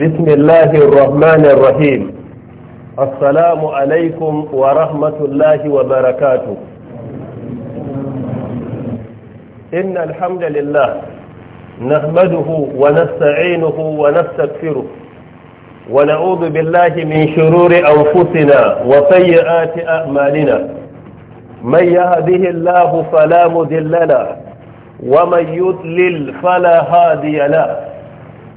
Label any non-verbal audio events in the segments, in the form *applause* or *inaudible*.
بسم الله الرحمن الرحيم السلام عليكم ورحمة الله وبركاته إن الحمد لله نحمده ونستعينه ونستغفره ونعوذ بالله من شرور أنفسنا وسيئات أعمالنا من يهده الله فلا مذل له ومن يضلل فلا هادي له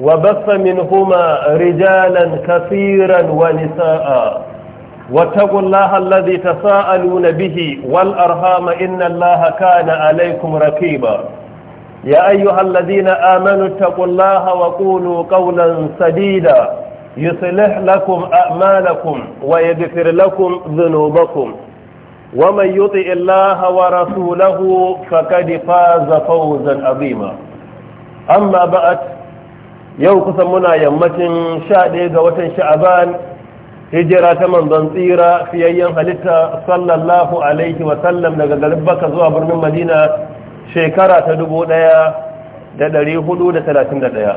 وبث منهما رجالا كثيرا ونساء واتقوا الله الذي تساءلون به والأرهام إن الله كان عليكم ركيبا يا أيها الذين آمنوا اتقوا الله وقولوا قولا سديدا يصلح لكم أعمالكم ويغفر لكم ذنوبكم ومن يطئ الله ورسوله فقد فاز فوزا عظيما أما بعد yau kusan muna yammacin sha ɗaya ga watan sha'aban hijira ta manzon tsira fiyayyen halitta sallallahu alaihi wa sallam, daga garin zuwa birnin madina shekara ta dubu ɗaya da ɗari hudu da talatin da ɗaya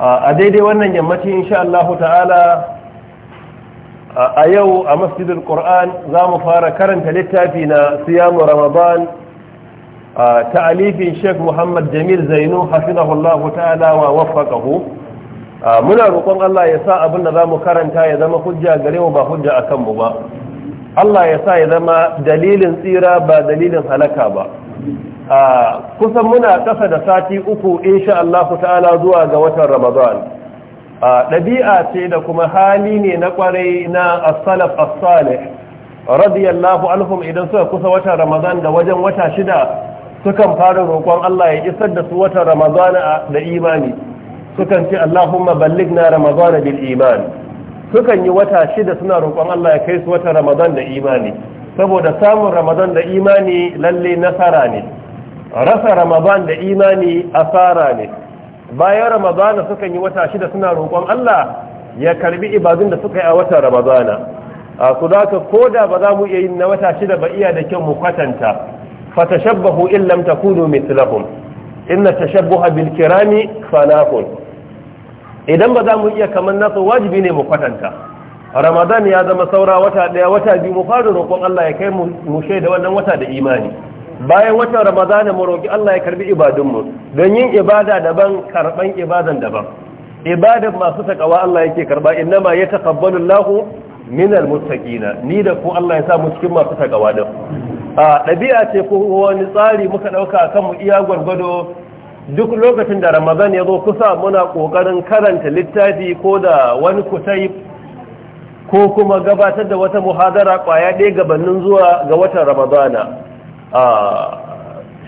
a daidai wannan yammaci insha Allah ta'ala a yau a masjidul qur'an za mu fara karanta littafi na siyamu ramadan ta'alifin Sheikh Muhammad Jamil Zainu hafizahullahu ta'ala wa waffaqahu muna roƙon Allah ya sa abin da zamu karanta ya zama hujja gare mu ba hujja akan mu ba Allah ya sa ya zama dalilin tsira ba dalilin halaka ba kusan muna ƙasa da sati uku insha Allah ta'ala zuwa ga watan Ramadan ɗabi'a ce da kuma hali ne na kwarai na as-salaf as-salih radiyallahu anhum idan suka kusa watan Ramadan da wajen wata shida sukan fara roƙon Allah ya isar da su watan Ramadana da imani sukan ce Allahumma ballighna Ramadana bil iman sukan yi wata shida suna roƙon Allah ya kai su watan Ramadan da imani saboda samun Ramadan da imani lalle nasara ne rasa Ramadan da imani asara ne bayan Ramadana sukan yi wata shida suna roƙon Allah ya karbi ibadun da suka yi a watan Ramadana a su da ko da ba za mu iya yin na wata shida ba iya da kyau mu kwatanta fatashabbahu in lam takunu mithlahum inna tashabbuha bil kirami idan ba za mu iya kamar nasu wajibi ne mu kwatanta ramadan ya zama saura wata daya wata biyu mu fara roƙon Allah ya kai mu shaida wannan wata da imani bayan watan Ramadani mu roƙi Allah ya karbi ibadunmu don yin ibada daban karban ibadan daban ibadan masu takawa Allah yake karba innama yataqabbalu Allahu minal na ni da ku Allah ya sa mu cikin masu takawa din ɗabi'a ce ko wani tsari muka ɗauka a kanmu iya gwargwado duk lokacin da ramadan ya zo kusa muna ƙoƙarin karanta littafi ko da wani kutai ko kuma gabatar da wata muhadara ƙwaya ɗaya gabanin zuwa ga watan ramadana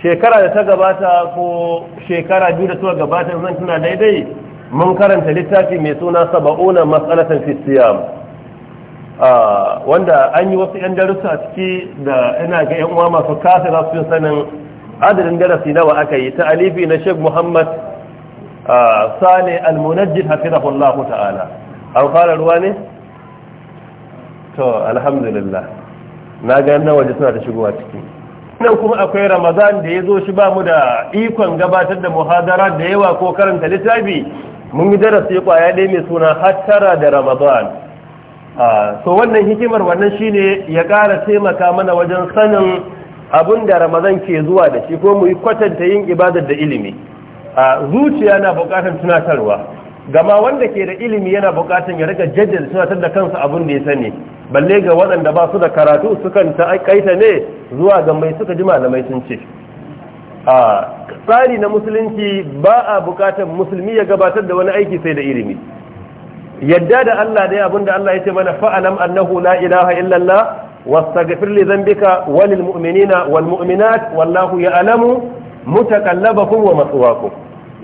shekara da ta gabata ko shekara biyu da ta gabata zan tuna daidai mun karanta littafi mai suna saba'una mas'alatan fisiyam Ah, wanda an yi wasu 'yan darussa ciki da ina ga 'yan uwa masu kasa za sanin adadin darasi nawa aka yi ta alifi na sheik muhammad ah, sani almunajjid hafizahullahu ta'ala an fara ruwa ne to alhamdulillah na ga yan waje suna ta shigowa ciki nan kuma akwai ramadan da ya zo shi ba mu da ikon gabatar da muhadara da yawa ko karanta littafi mun yi darasi kwaya ɗaya mai suna hattara da ramadan Ah, so wannan hikimar wannan shine ya ƙara taimaka mana wajen sanin abin da ramadan ke zuwa da shi ko mu yi kwatanta yin ibadar da ilimi ah, zuciya na buƙatar tunatarwa gama wanda ke da ilimi yana buƙatar ya riga jajjal tunatar da kansa abin da ya sani balle ga waɗanda ba su da karatu sukan ta kaita ne zuwa ga mai suka ji malamai sun ce ah, tsari na musulunci ba a buƙatar musulmi ya gabatar da wani aiki sai da ilimi yadda da Allah dai da Allah ya ce mana fa'alam annahu la ilaha illallah wastaghfir li dhanbika walil mu'minina wal mu'minat wallahu ya'lamu mutaqallabakum wa maswaakum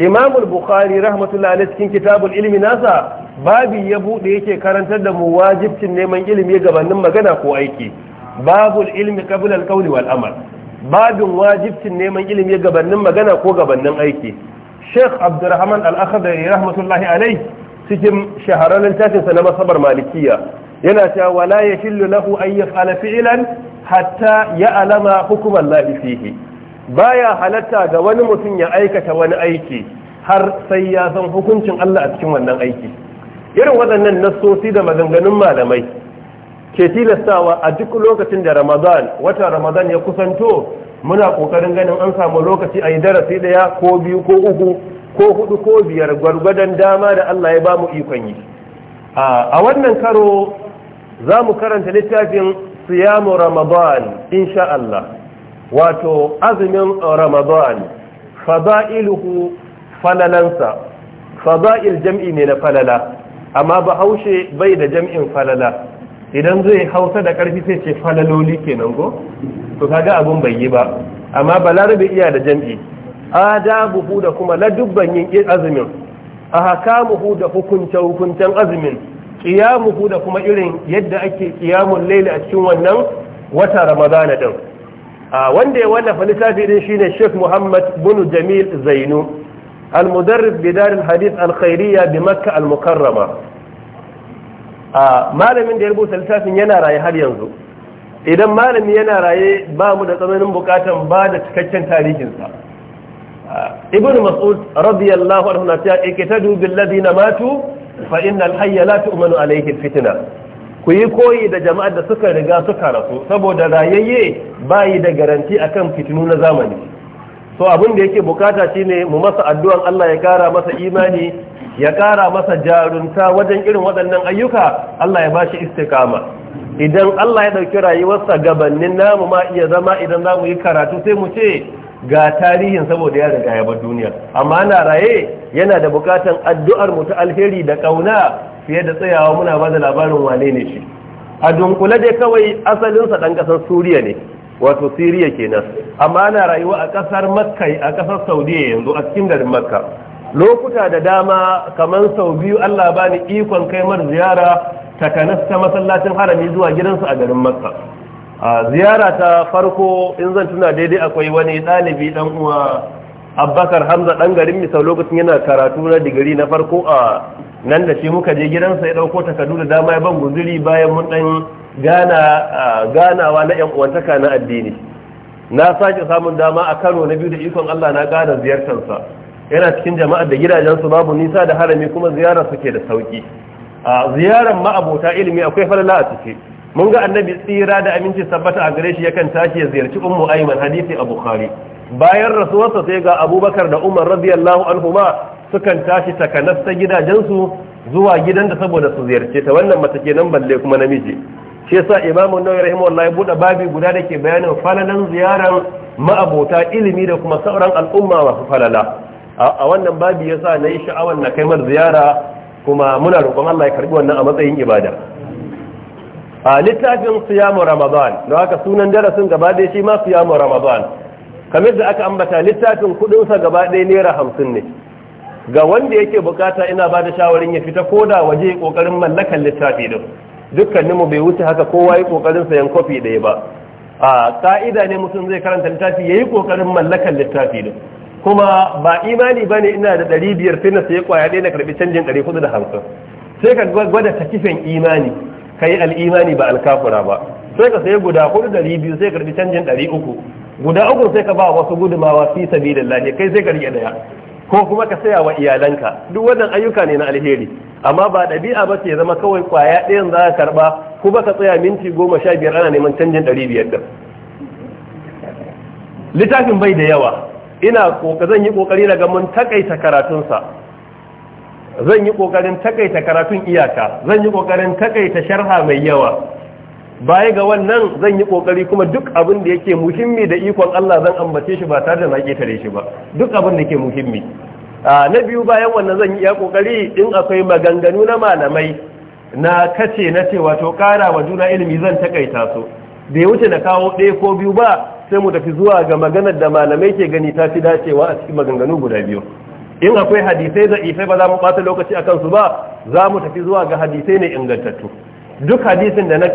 Imam al-Bukhari rahmatullahi alayhi cikin kitabul ilmi nasa babi ya bude yake karantar da mu wajibcin neman ilimi gabanin magana ko aiki babul ilmi qabla al-qawli wal amal babin wajibcin neman ilimi gabanin magana ko gabanin aiki Sheikh Abdurrahman Al-Akhdari rahmatullahi alayhi cikin shahararren tashinsa na masabar malikiya yana cewa wala ya shillu lahu an yaf'ala fi'lan hatta ya alama hukumar Allah fihi baya halatta ga wani mutum ya aikata wani aiki har sai ya san hukuncin Allah a cikin wannan aiki irin waɗannan nassosi da maganganun malamai ke tilastawa a duk lokacin da Ramadan wata Ramadan ya kusanto muna ƙoƙarin ganin an samu lokaci a yi darasi ɗaya ko biyu ko uku ko hudu ko biyar gwargwadon dama da Allah ya ba mu ikon yi a wannan karo za mu karanta littafin siyamu ramadan insha Allah wato azumin ramadan fada'iluhu falalansa fada'il jam'i ne na falala amma bahaushe bai da jam'in falala idan zai hausa da karfi sai ce falaloli kenan go to kaga abun bai yi ba amma balarabe iya da jam'i adabuhu da kuma ladubban yin azumin ahkamuhu da hukunce hukuncen azumin qiyamuhu da kuma irin yadda ake qiyamul layli a cikin wannan wata ramadana din wanda ya wallafa littafi din shine Sheikh Muhammad bin Jamil Zainu al-mudarris bi dar al-hadith al-khairiyya bi Makkah al-mukarrama malamin da ya rubuta littafin yana raye har yanzu idan malami yana raye ba mu da tsananin bukatan ba da cikakken tarihinsa ibn mas'ud radiyallahu anhu na cewa ikitadu bil ladina matu fa innal hayya la tu'manu alayhi fitna ku yi koyi da jama'ar da suka riga suka rasu saboda rayayye bayi da garanti akan fitinu na zamani so abin da yake bukata shine mu masa addu'an Allah ya kara masa imani ya kara masa jarunta wajen irin waɗannan ayyuka Allah ya bashi istikama idan Allah ya ɗauki rayuwarsa gabanin namu ma iya zama idan za mu yi karatu sai mu ce ga tarihin saboda ya riga ya bar duniya amma ana raye yana da bukatan addu'ar mu ta alheri da kauna fiye da tsayawa muna ba da labarin wane ne shi a dunkule dai kawai asalinsa ɗan kasar suriya ne wato siriya kenan amma ana rayuwa a ƙasar makka a ƙasar saudiya yanzu a cikin garin makka lokuta da dama kamar sau biyu allah bani ikon kai mar ziyara takanas ta masallacin harami zuwa gidansu a garin makka a ziyara ta farko in zan tuna daidai akwai wani ɗalibi ɗan uwa abbakar hamza ɗan garin misal lokacin yana karatu na digiri na farko a nan da shi muka je gidansa ya ɗauko takardu da dama ya ban guzuri bayan mun ɗan ganawa na yan uwantaka na addini na sake samun dama a kano na biyu da ikon allah na ziyartar ziyartarsa yana cikin jama'ar da gidajensu babu nisa da harami kuma ziyarar suke da sauki a ziyarar ma'abota ilimi akwai falala a ciki mun ga annabi tsira da aminci sabbata a gare shi yakan tashi ya ziyarci ummu aiman hadisi a bukhari bayan rasuwarsa sai ga abubakar da umar radiyallahu anhuma sukan tashi takanas gidajensu zuwa gidan da saboda su ziyarce ta wannan mace kenan balle kuma namiji shi yasa imamu nawawi rahimahullahi buɗe babi guda da ke bayanin falalan ziyaran ma'abota ilimi da kuma sauran al'umma masu falala a wannan babi yasa na yi sha'awar na kai ziyara kuma muna roƙon Allah ya karbi wannan a matsayin ibada a littafin siyamu ramadan da haka sunan darasin gaba ɗaya shi ma siyamu ramadan kamar da aka ambata littafin kuɗinsa gaba ɗaya naira hamsin ne ga wanda yake bukata ina ba da shawarin ya fita ko da waje kokarin mallakan littafi din dukkanin mu bai wuce haka kowa yi kokarin sayan kofi ɗaya ba a ka'ida ne mutum zai karanta littafi yayi kokarin mallakan littafi din kuma ba imani bane ina da ɗari biyar sai na sayi kwaya ɗaya na karɓi canjin ɗari hudu da hamsin sai ka gwada takifin imani kai al'imani ba alkafura ba sai ka sai guda hudu dari biyu sai karbi canjin dari uku guda uku sai ka ba wasu gudumawa fi lafiya kai sai ka daya ko kuma ka saya wa iyalanka duk wannan ayyuka ne na alheri amma ba ɗabi'a ba ce zama kawai kwaya ɗayan za ka karɓa kuma ka tsaya minti goma sha biyar ana neman canjin ɗari biyar ɗin littafin bai da yawa ina ko zan yi ƙoƙari daga mun takaita karatunsa zan yi kokarin takaita karatun iyaka zan yi kokarin takaita sharha mai yawa baya ga wannan zan yi kokari kuma duk abin da yake muhimmi da ikon Allah zan ambace shi ba tare da na ketare shi ba duk abin da yake muhimmi na biyu bayan wannan zan yi iya kokari in akwai maganganu na malamai na kace na cewa to kara wa juna ilimi zan takaita su da ya wuce na kawo ɗaya ko biyu ba sai mu tafi zuwa ga maganar da malamai ke gani ta fi dacewa a cikin maganganu guda biyu in akwai hadisai da ba za mu bata lokaci a kansu ba za mu tafi zuwa ga hadisai ne ingantattu duk hadisin da na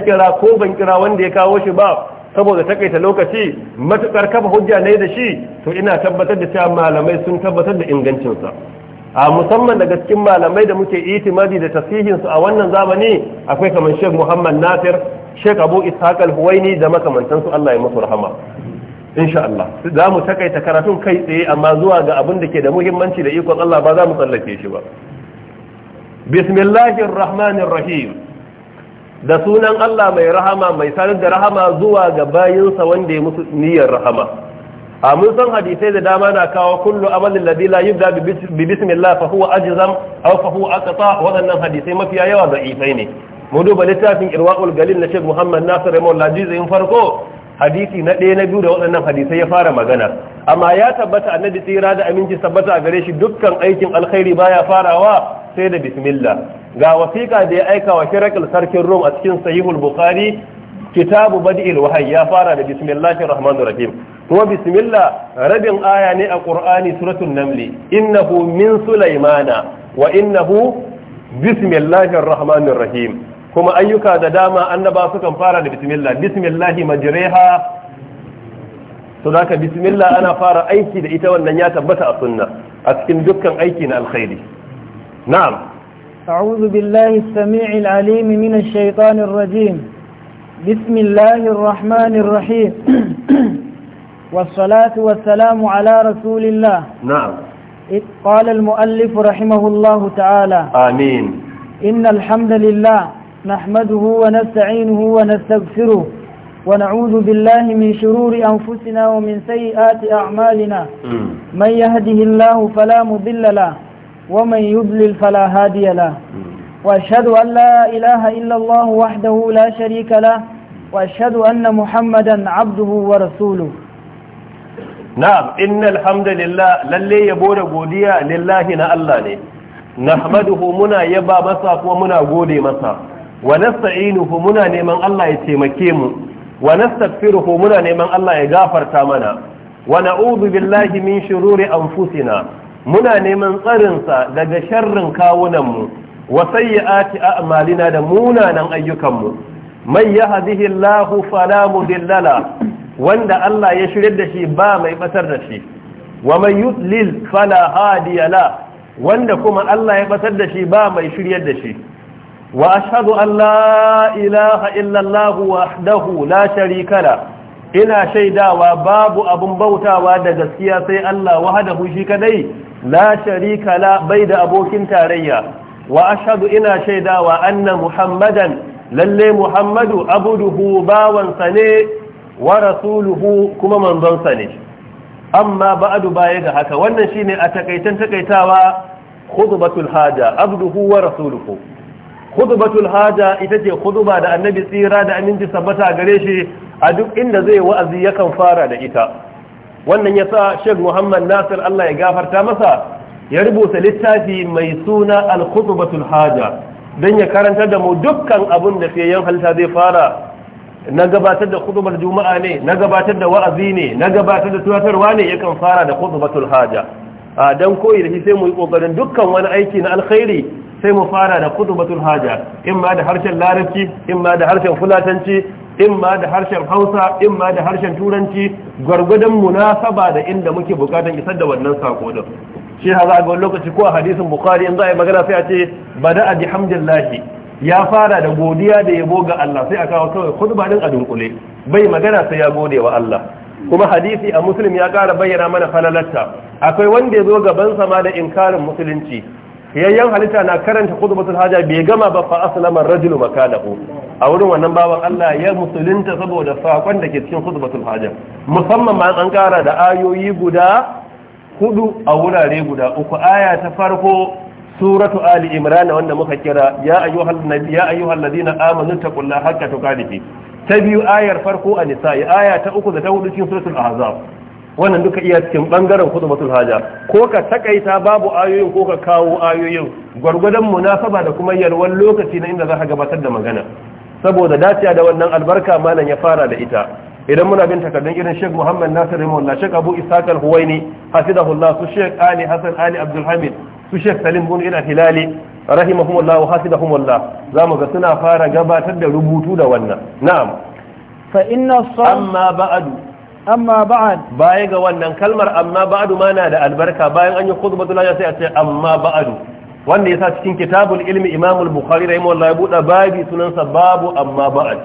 kira ko ban kira wanda ya kawo shi ba saboda takaita lokaci matukar kafa hujja ne da shi to ina tabbatar da cewa malamai sun tabbatar da ingancinsa a musamman daga cikin malamai da muke itimadi da tasihinsu a wannan zamani akwai kamar sheikh muhammad nasir sheikh abu ishaq al-huwaini da makamantansu allah ya musu rahama insha Allah za mu takaita karatun kai tsaye amma zuwa ga abin da ke da muhimmanci da ikon Allah ba za mu tsallake shi ba bismillahir rahmanir rahim da sunan Allah mai rahama mai sanar da rahama zuwa ga bayinsa wanda ya musu niyyar rahama a mun san hadisai da dama na kawo kullu amalin ladhi la yubda bi bismillah fa huwa ajzam aw fa huwa aqta wadannan hadisai mafiya yawa da ifai ne mu duba littafin irwaul galil na Sheikh Muhammad Nasir Rahimahullah juz'in farko hadisi na ɗaya na biyu da waɗannan hadisai ya fara magana amma ya tabbata annabi tsira da aminci tabbata a gare shi dukkan aikin alkhairi baya farawa sai da bismillah ga wasiƙa da ya aika wa shirakil sarkin rum a cikin sahihul bukhari kitabu bad'il wahyi ya fara da bismillahir rahmanir rahim kuma bismillah rabin aya ne a qur'ani suratul namli innahu min sulaimana wa innahu bismillahir rahmanir rahim kuma ayyuka da dama annaba sukan fara da bismillah bismillahi majriha to da bismillah ana fara aiki da ita wannan ya tabbata a sunna a cikin dukkan aiki na alkhairi na'am a'udhu أعوذ بالله السميع العليم من الشيطان الرجيم بسم الله الرحمن الرحيم والصلاة والسلام على رسول الله نعم قال المؤلف رحمه الله تعالى آمين إن الحمد لله نحمده ونستعينه ونستغفره ونعوذ بالله من شرور أنفسنا ومن سيئات أعمالنا من يهده الله فلا مضل له ومن يضلل فلا هادي له وأشهد أن لا إله إلا الله وحده لا شريك له وأشهد أن محمدا عبده ورسوله na'am innal hamdalillah lalle yabo da godiya lillahi na Allah ne nahmaduhu muna yaba masa kuma muna gode masa wa nasta'inuhu muna neman Allah ya taimake mu wa nastaghfiruhu muna neman Allah ya gafarta mana wa na'udhu billahi min shururi anfusina muna neman tsarin sa daga sharrin kawunan mu wa sayyiati a'malina da munanan ayyukan mu man yahdihillahu fala mudilla wanda Allah ya shirye da shi ba mai batar da shi wa man yudlil fala hadiya la wanda kuma Allah ya batar da shi ba mai shiryar da shi وأشهد أن لا إله إلا الله وحده لا ina shaidawa babu abun bautawa da gaskiya sai Allah wahdahu shi kadai la sharika la bai da abokin tarayya wa ina shaidawa anna muhammadan lallai muhammadu abuduhu bawansa ne wa kuma manzonsa ne amma ba'du baya ga haka wannan shine a takaitan takaitawa khutbatul haja abduhu wa batul haja ita ce khutba da annabi tsira da aminci sabbata gare shi a duk inda zai wa'azi yakan fara da ita wannan yasa Sheikh Muhammad Nasir Allah ya gafarta masa ya rubuta littafi mai suna al-khutbatul haja dan ya karantar da mu dukkan abin da fiyayyen halitta zai fara na gabatar da khutbar juma'a ne na gabatar da wa'azi ne na gabatar da tuwatarwa ne yakan fara da khutbatul haja dan koyi da shi sai mu yi kokarin dukkan wani aiki na alkhairi sai mu fara da kutubatul haja in ma da harshen larabci in ma da harshen fulatanci in ma da harshen hausa in ma da harshen turanci gwargwadon munasaba da inda muke bukatan isar da wannan sako din shi haza ga lokaci ko a hadisin bukhari in za a yi magana sai a ce bada a bihamdillahi ya fara da godiya da yabo ga Allah sai a kawo kawai khutba din a dunkule bai magana sai ya gode wa Allah kuma hadisi a muslim ya kara bayyana mana falalatta akwai wanda ya zo gaban sama da inkarin musulunci yayyan halitta na karanta khutbatul haja bai gama ba fa aslama rajulu makanahu a wurin wannan bawan Allah ya musulunta saboda sakon da ke cikin khutbatul haja musamman ma an kara da ayoyi guda hudu a wurare guda uku aya ta farko suratu ali imran wanda muka kira ya ayyuhan nabiy ya ayyuhal ladina amanu taqullaha haqqa tuqatih ta biyu ayar farko a nisa aya ta uku da ta hudu cikin suratul ahzab wannan duka iya cikin bangaren khutbatul haja ko ka takaita babu ayoyin ko ka kawo ayoyin gwargwadon munasaba da kuma yalwar lokaci na inda za ka gabatar da magana saboda dacewa da wannan albarka malam ya fara da ita idan muna bin takardun irin Sheikh Muhammad Nasir na Sheikh Abu Ishaq Al-Huwaini hafizahullah su Sheikh Ali Hassan Ali Abdul Hamid su Sheikh Salim bin Ina Hilali rahimahumullah wa hafizahumullah zamu ga suna fara gabatar da rubutu da wannan na'am fa inna amma ba'du amma ba'ad baya ga wannan kalmar amma ba'adu ma na da albarka bayan an yi khutbatul hajj sai a ce amma ba'adu wanda yasa cikin kitabul ilmi Imam al-Bukhari rahimahullah ya buɗa babi sunan sa babu amma ba'ad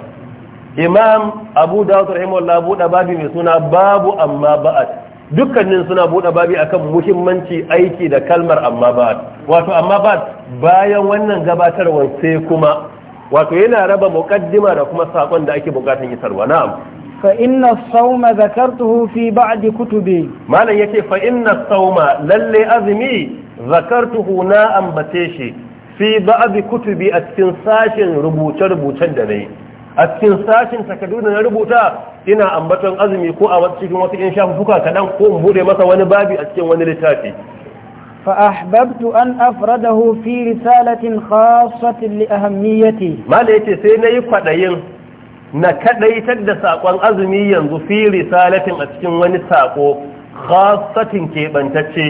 Imam Abu Dawud rahimahullah buɗe babi mai suna babu amma ba'ad dukkanin suna buɗa babi akan muhimmanci aiki da kalmar amma ba'ad wato amma ba'ad bayan wannan gabatarwar sai kuma wato yana raba muqaddima da kuma sakon da ake bukatan isarwa na'am fa inna sauma zakartuhu fi ba'di kutubi malam yace fa inna sauma lalle azumi zakartuhu na ambace shi fi ba'di kutubi a cikin sashin rubuce rubucen da nayi a cikin sashin takardu da na rubuta ina ambaton azumi ko a cikin wasu in shafuka kaɗan ko in bude masa wani babi a cikin wani littafi فأحببت أن risalatin في رسالة Malam yace sai na yi يفدين na kadaitar da sakon azumi yanzu fi risalatin a cikin wani sako khassatin kebantacce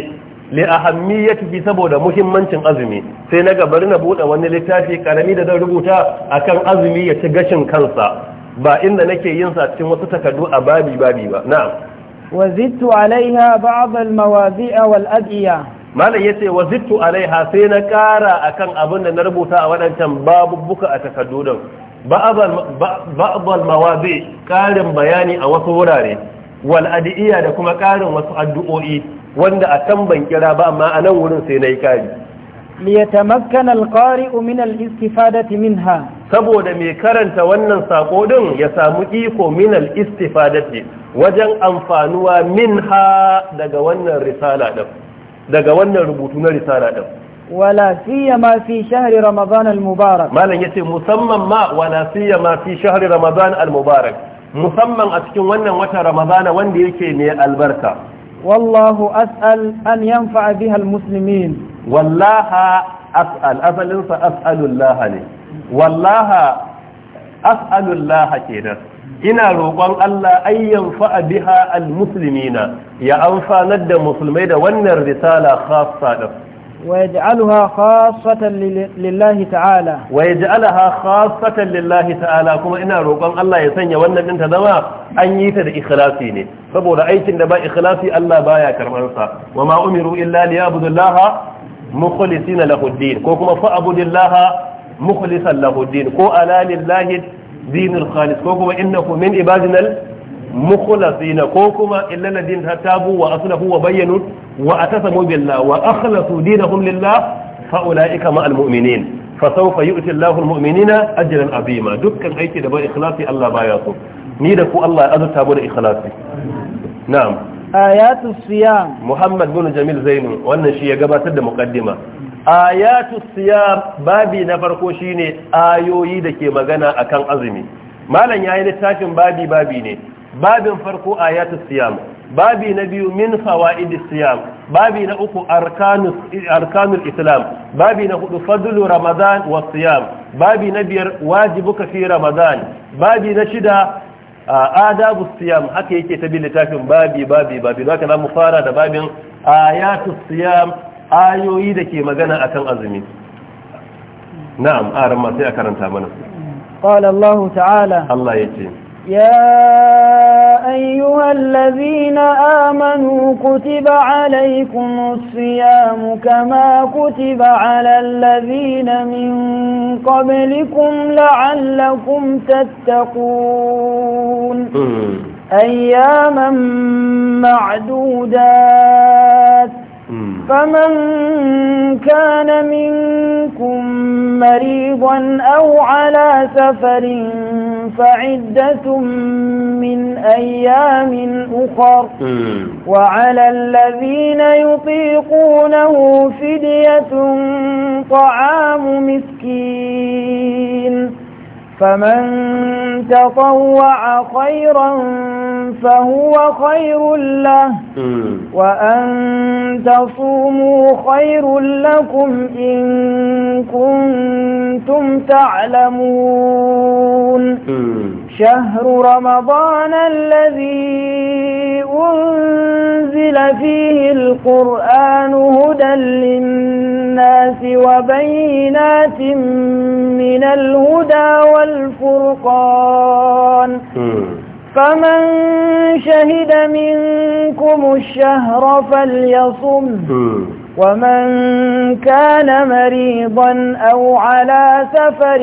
li ahammiyatihi saboda muhimmancin azumi sai na bari na buɗe wani littafi karami da zan rubuta akan azumi ya ci gashin kansa ba inda nake yin sa cikin wasu takardu a babi babi ba na'am alaiha ba'd al-mawazi'a wal adiya malam yace wazittu alaiha sai na kara akan abin da na rubuta a wadancan babubbuka a takardu din ba'abal mawaɓe karin bayani a wasu wurare wal iya da kuma ƙarin wasu addu'o'i wanda a tamban ban kira ba amma a nan wurin sai na nayi kari liyatamakkan alqari'u min al-istifadati minha saboda mai karanta wannan sako din ya samu iko min al-istifadati wajen amfanuwa minha daga wannan daga wannan rubutu na risala ɗin. wala siyama fi shahri ramadan al-mubarak malam yace musamman ma wala siyama fi shahri ramadan al-mubarak musamman a cikin wannan wata ramadana wanda yake mai albarka wallahu as'al an yanfa'a biha al-muslimin wallaha as'al asalin sa as'alullah ne wallaha as'alullah kenan ina roƙon Allah ayyan fa'a biha al-muslimina ya amfanar da musulmai da wannan risala khassa din ويجعلها خاصة لله تعالى ويجعلها خاصة لله تعالى كما إنا روقان الله يسنى وانا انت دماء أن يتد إخلاصي ني فبولا أي تندبا إخلاصي الله بايا كرمانسا وما أمروا إلا ليعبدوا الله مخلصين له الدين كما فأبد الله مخلصا له الدين كو ألا لله دين الخالص كما إنه من عبادنا المخلصين كما إلا الذين تابوا وأصلحوا وبينوا wa atasamu billah wa akhlasu dinahum lillah fa ulaika ma almu'minin fa sawfa yu'ti Allahu almu'minina ajran azima dukkan aiki da bai ikhlasi Allah baya so ni da ku Allah ya azurta mu da ikhlasi na'am ayatu siyam Muhammad bin Jamil Zainu wannan shi ya gabatar da muqaddima ayatu siyam babi na farko shine ayoyi da ke magana akan azumi malam yayi littafin babi babi ne babin farko ayatu siyam babi na biyu min fawaid siyam babi na uku arkanul islam babi na hudu fadlu ramadan wa siyam babi na biyar wajibuka fi ramadan babi na shida adabu siyam haka yake ta bi littafin babi babi babi zaka za mu fara da babin ayatu siyam ayoyi da ke magana akan azumi na'am aran ma sai a karanta mana qala allah ta'ala allah yace يا أيها الذين آمنوا كتب عليكم الصيام كما كتب على الذين من قبلكم لعلكم تتقون أياما معدودات فمن كان منكم مريضا أو على سفر فعدة من أيام أخر وعلى الذين يطيقونه فدية طعام مسكين فمن تطوع خيرا فهو خير له وأن تصوموا خير لكم إن كنتم تعلمون شهر رمضان الذي أنزل فيه القرآن هدى للناس وبينات من الهدى والفرقان فمن شهد منكم الشهر فليصم ومن كان مريضا أو على سفر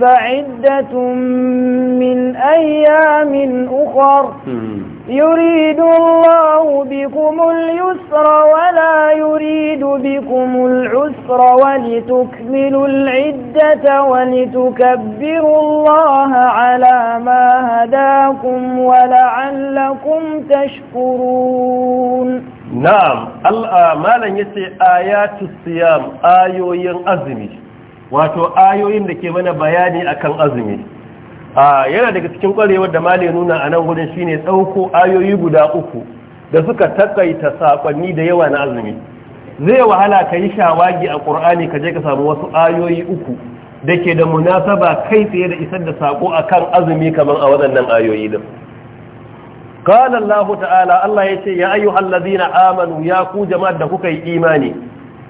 فعدة من أيام أخر يريد الله بكم اليسر ولا يريد بكم العسر ولتكملوا العدة ولتكبروا الله على ما هداكم ولعلكم تشكرون نعم ما لن يسي آيات الصيام ين أزمي واتو ين لكي من بياني أكن أزمي yana daga cikin kwarewar da male nuna a nan gudun shine tsauko ayoyi guda uku da suka takaita saƙonni da yawa na azumi zai wahala ka yi shawagi a ƙur'ani ka je ka samu wasu ayoyi uku da ke da munasaba kai tsaye da isar da sako a kan azumi kamar a waɗannan ayoyi din قال ta'ala Allah ya ce ya ayyuhal ladina amanu ya ku jama'ar da kuka yi imani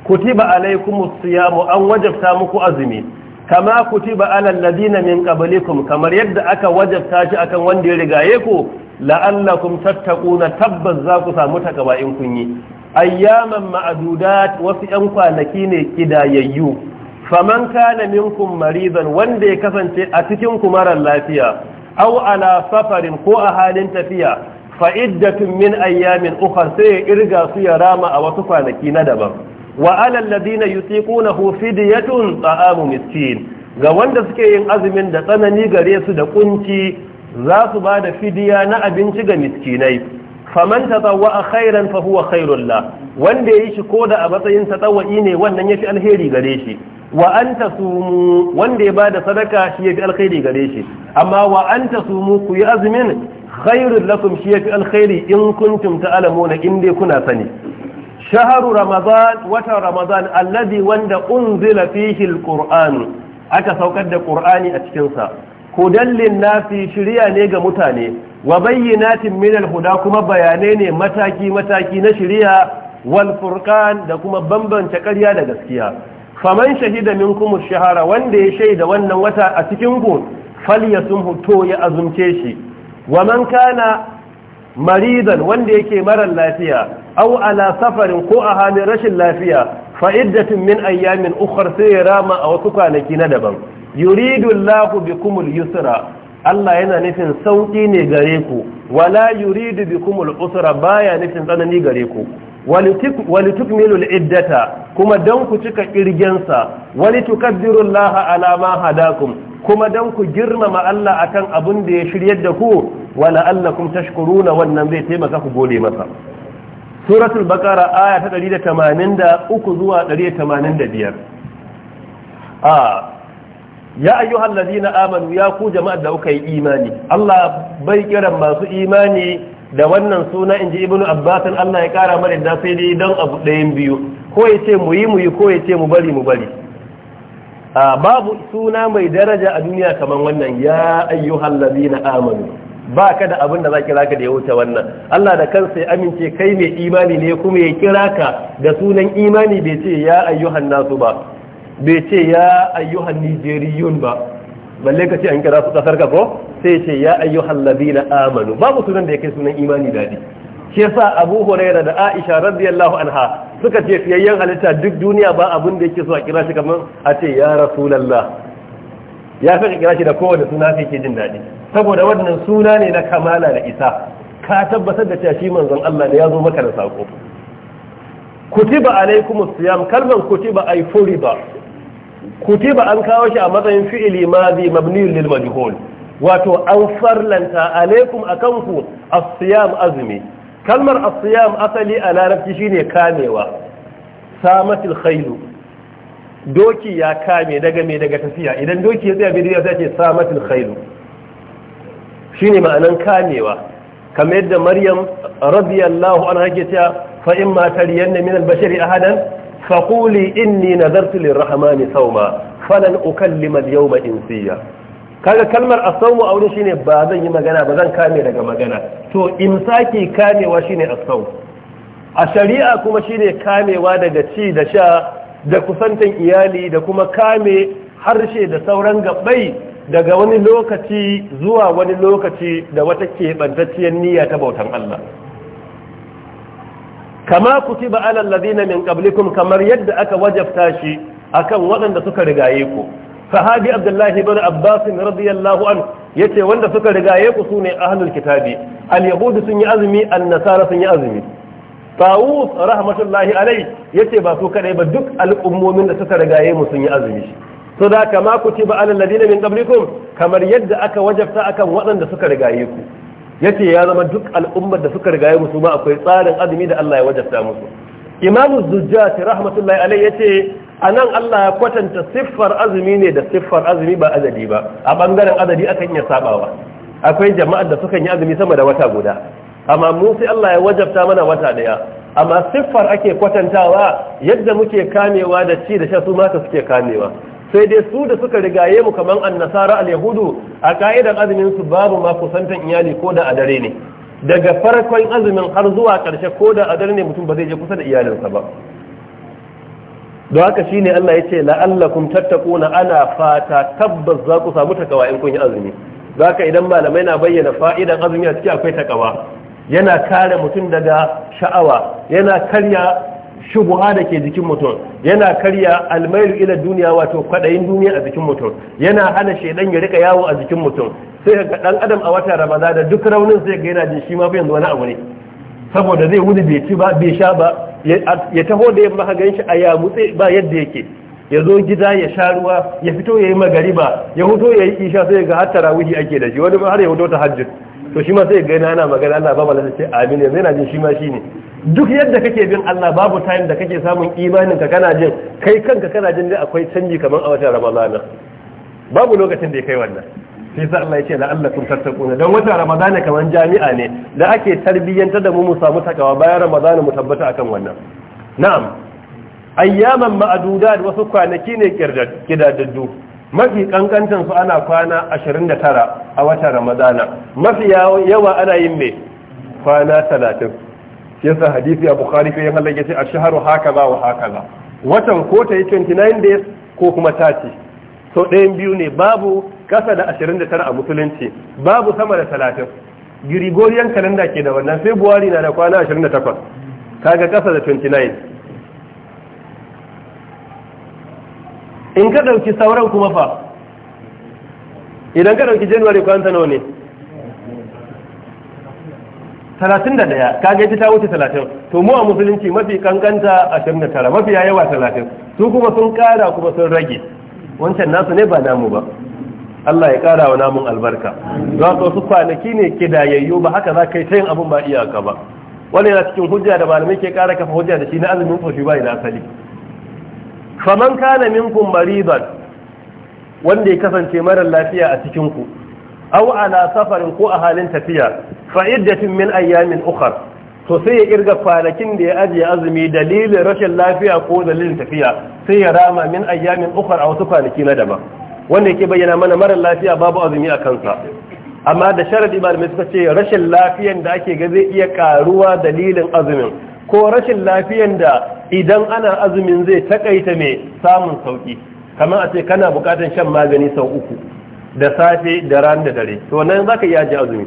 kutiba alaikumus siyamu an wajabta muku azumi kama kutiba ci ladina min qablikum kamar yadda aka wajabta shi akan wanda ya rigaye ku la'allakum tattaquna tabbas za ku samu takaba'in in kun yi ayyaman ma'adudat wasu yan kwanaki ne kidayayyu faman kana minkum maridan wanda ya kasance a cikin ku marar lafiya aw ala safarin ko a halin tafiya fa iddatun min ayyamin ukhra sai ya irga su ya rama a wasu kwanaki na daban wa alal ladina yutiqunahu fidyatun ta'amu miskin ga wanda suke yin azumin da tsanani gare su da kunci za su ba da fidiya na abinci ga miskinai faman tatawwa khairan fa huwa khairul la wanda yayi shi ko da a matsayin tatawwi ne wannan yafi alheri gare shi wa an sumu wanda ya bada sadaka shi yafi alheri gare shi amma wa an sumu ku yi azumin khairul lakum shi yafi alheri in kuntum ta'lamuna na inda kuna sani shaharu ramadan watan ramadan alladhi wanda unzila fihi alquran aka saukar da qur'ani a cikinsa. sa hudallin nasi shirya ne ga mutane wa bayyinatin min alhuda kuma bayanai ne mataki mataki na shirya walfurkan da kuma bambance ƙarya da gaskiya faman shahida minkum shahara wanda ya shaida wannan wata a cikin ku falyasumhu to ya azumce shi wa man kana maridan wanda yake marar lafiya au ala safarin ko a halin rashin lafiya fa min ayyamin ukhra sai ya rama a wasu kwanaki na daban yuridu Allahu bikumul yusra Allah yana nufin sauki ne gare ku wala yuridu bikumul usra baya nufin tsanani gare ku walitukmilu iddata, kuma don ku cika kirgensa wani Allah ala alama hadakum kuma don ku girmama Allah akan abin da ya shiryar da ku wala allakum tashkuruna wannan zai taimaka ku gode masa suratul baqara aya ta 183 zuwa 185 a ya ayyuhallazina amanu ya ku jama'ar da kuka yi imani Allah bai kiran masu imani da wannan suna in ji ibnu Abbasan allah ya kara mana da sai dai don abu ɗayan biyu ko ya ce mu yi mu yi ko ya ce mu bari mu bari babu suna mai daraja a duniya kamar wannan ya ayyuhal ladina amanu ba ka da abin da za kira da ya wuce wannan Allah da kansa ya amince kai mai imani ne kuma ya kira ka da sunan imani bai ce ya ayyuhan nasu ba bai ce ya ayyuhan nijeriyun ba balle ka ce an kira su kasar ka ko sai ce ya ayyuhal ladina amanu babu sunan da yake sunan imani dadi shi yasa Abu huraira da Aisha radiyallahu anha suka ce fiyayyen halitta duk duniya ba abin da yake so a kira shi kamar a ce ya rasulullah ya fi kira shi da kowane suna sai ke jin dadi saboda wannan suna ne na kamala da isa ka tabbatar da cewa shi manzon Allah ne ya zo maka da sako kutiba alaikumus siyam kalman kutiba ay furiba kutiba an kawo shi a matsayin fi'ili mazi mabni lil majhul wato an farlanta alaikum akanku ku as-siyam azmi kalmar as asali a larabci shine kamewa samatil khailu doki ya kame daga me daga tafiya idan doki ya tsaya bidiyo sai ce samatil khailu shine ma'anan kamewa kamar yadda maryam radiyallahu anha ke cewa fa in ma tariyanna min al-bashari ahadan faƙuli inni rahama lirrahmani sauma falan ukallima yau yawma insiya kaga kalmar assau mu a wurin shine ba zan yi magana ba zan kame daga magana to imsaki kamewa shine as a shari'a kuma shine kamewa daga ci da sha da kusantan iyali da kuma kame harshe da sauran gabbai daga wani lokaci zuwa wani lokaci da wata keɓantacciyar niyya ta bautan Allah kama kutiba ala alladhina min qablikum kamar yadda aka wajabta shi akan waɗanda suka rigaye ku sahabi abdullahi ibn abbas radiyallahu an yace wanda suka rigaye ku sune ahlul kitabi al yahud sun yi azumi an nasara sun yi azumi tawus rahmatullahi alai yace ba su kadai ba duk al'ummomin da suka rigaye mu sun yi azumi so da kama kutiba ba'an alladhina min qablikum kamar yadda aka wajabta akan waɗanda suka rigaye ku yace ya zama duk al'ummar da suka rigaye musu ma akwai tsarin azumi da Allah ya wajabta musu imamu zujjat rahmatullahi alaihi yace anan Allah ya kwatanta siffar azumi ne da siffar azumi ba adadi ba a bangaren adadi akan iya sabawa akwai jama'ar da sukan yi azumi sama da wata guda amma mu sai Allah ya wajabta mana wata daya amma siffar ake kwatantawa yadda muke kamewa da ci da sha su mata suke kamewa sai dai su da suka rigaye mu kamar annasara al-yahudu a ka'idar azumin su babu ma kusantan iyali ko da a ne daga farkon azumin har zuwa karshe ko da adare ne mutum ba zai je kusa da iyalinsa ba don haka ne Allah ya ce la'allakum tattaquna ana fata tabbas za ku samu takawa in kun yi azumi zaka idan malamai na bayyana fa'idan azumi a ciki akwai takawa yana kare mutum daga sha'awa yana karya shubuha da ke jikin mutum yana karya almairu ila duniya wato kwaɗayin duniya a jikin mutum yana hana shaidan ya rika yawo a jikin mutum sai ga dan adam a wata ramadan da duk raunin sai ga yana jin shi ma yanzu wani abu ne saboda zai wuni bai ci ba bai sha ba ya taho da yamma ka ganshi a ya mutse ba yadda yake ya zo gida ya sha ruwa ya fito ya yi magariba ya huto ya yi isha sai ga har tarawihi ake da shi wani har ya huto ta hajji to shi ma sai ga yana magana Allah ba malaka sai amin yanzu yana jin shi ma shine duk yadda kake bin Allah babu time da kake samun imanin ka kana jin kai kanka kana jin dai akwai canji kamar a watan Ramadana babu lokacin da ya kai wannan sai sa Allah ya ce la'allakum tattaquna dan watan Ramadana kamar jami'a ne da ake tarbiyyantar da mu mu samu takawa bayan Ramadana mu tabbata akan wannan na'am ayyaman ma'dudat wasu kwanaki ne kidadaddu mafi kankantan su ana kwana 29 a watan Ramadana mafi yawa ana yin me kwana 30 yasa hadisi a bukhari kai Allah yace a shaharu hakaza wa haka ba. watan ko ta yi 29 days ko kuma 30 so ɗayan biyu ne babu kasa da 29 a musulunci babu sama da 30 Gregorian calendar ke da wannan February na da kwana 28 kaga kasa da 29 in ka ɗauki sauran kuma fa idan ka ɗauki January kwanta nawa ne talatin da ɗaya kage ita ta wuce talatin to mu a musulunci mafi kankanta ashirin da tara mafi yawa talatin su kuma sun kara kuma sun rage wancan nasu ne ba namu ba Allah ya kara wa namun albarka za su wasu kwanaki ne kidayayyu ba haka za ka yi ta yin abin ba iyaka ba wani yana cikin hujja da malamai ke kara kafa hujja da shi na azumin fashi ba ina asali faman kana minkum mariban wanda ya kasance mara lafiya a cikin ku aw ala safarin ko a halin tafiya fa iddatin min ayyamin ukhar to sai ya kirga kwanakin da ya ajiye azumi dalilin rashin lafiya ko dalilin tafiya sai ya rama min ayyamin ukhar a wasu kwanaki na daban wanda yake bayyana mana mara lafiya babu azumi a kansa amma da sharadi malamai suka ce rashin lafiyan da ake ga zai iya karuwa dalilin azumin ko rashin lafiyan da idan ana azumin zai takaita mai samun sauki kamar a ce kana bukatan shan magani sau uku da safe da ran da dare to nan zaka iya aje azumi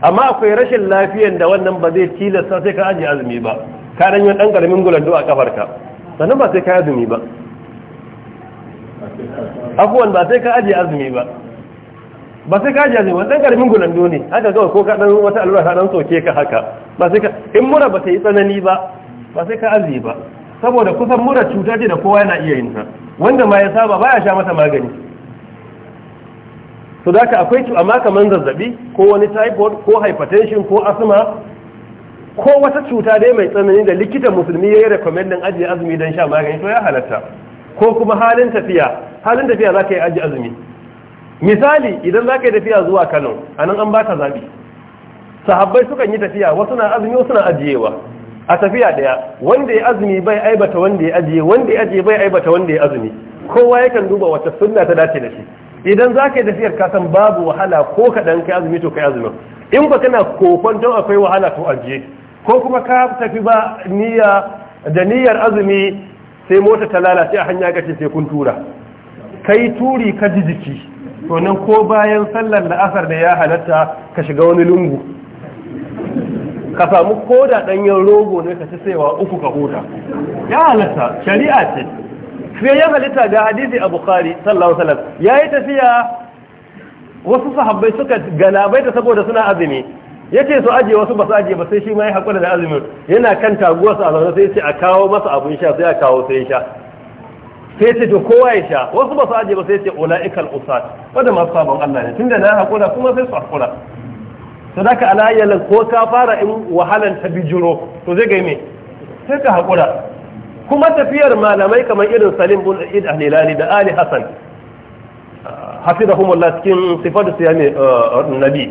amma akwai rashin lafiyan da wannan ba zai tilasta sai ka aje azumi ba ka dan yi dan karamin gulando a kafarka sannan ba sai ka azumi ba afwan ba sai ka aje azumi ba ba sai ka aje azumi ba dan karamin gulando ne haka ga ko ka dan wata allura ka dan soke ka haka ba sai ka in mura ba ta yi tsanani ba ba sai ka azumi ba saboda kusan mura cuta ce da kowa yana iya yin ta wanda ma ya saba baya sha mata magani to da ka akwai amma kamar zazzabi ko wani typhoid ko hypertension ko asma ko wata cuta dai mai tsanani da likita musulmi ya yi rekomendin ajiye azumi don sha magani to ya halatta ko kuma halin tafiya halin tafiya za ka yi ajiye azumi misali idan za ka yi tafiya zuwa kano a nan an ba ka zaɓi sahabbai sukan yi tafiya wasu na azumi wasu na ajiyewa a tafiya ɗaya wanda ya azumi bai aibata wanda ya ajiye wanda ya ajiye bai aibata wanda ya azumi kowa yakan duba wata sunna ta dace da shi idan za ka yi tafiyar kasan babu wahala ko kaɗan ka azumi to kai azumin in ba kana kokon don akwai wahala to ajiye ko kuma ka tafi ba da niyyar azumi sai mota ta lalace a hanya gashi sai kun tura kai turi ka ji jiki to nan ko bayan sallar da asar da ya halatta ka shiga wani lungu ka samu koda ɗanyen rogo ne ka ci saiwa uku ka huta ya halatta shari'a ce ya halitta ga hadisi a bukhari sallallahu alaihi wasallam yi tafiya wasu sahabbai suka galabaita saboda suna azumi yace su aje wasu ba su aje ba sai shi ma ya hakura da azumi yana kan taguwarsa a zaune sai ce a kawo masa abin sha sai a kawo sai sha sai ce to kowa ya sha wasu ba su aje ba sai ce ulaikal usat wanda masu sabon Allah ne tunda na hakura kuma sai su hakura Sadaka zaka alayyalan ko ka fara in wahalan ta bijiro to zai ga me sai ka hakura kuma tafiyar malamai kamar irin salim bin id ahlilani da ali hasan hafizahumullah cikin sifatu siyami uh, nabi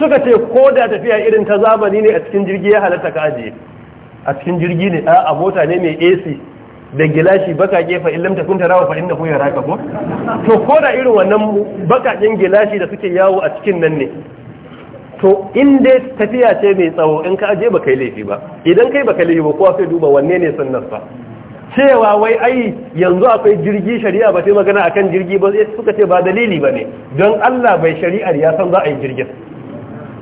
suka ce ko da tafiya irin ta zamani ne a cikin jirgi ya halatta ka ajiye a cikin jirgi ne a mota ne mai AC da gilashi bakake fa illam takun tarawa fa innahu yaraka ko to ko da irin wannan bakaken gilashi da suke yawo a cikin nan ne to in dai tafiya ce mai tsawo in ka aje baka yi laifi ba idan kai baka laifi ba kowa sai duba wanne ne sunnar fa cewa wai ai yanzu akwai jirgi shari'a ba sai magana akan jirgi ba sai suka ce ba dalili ba ne don Allah bai shari'ar ya san za a yi jirgin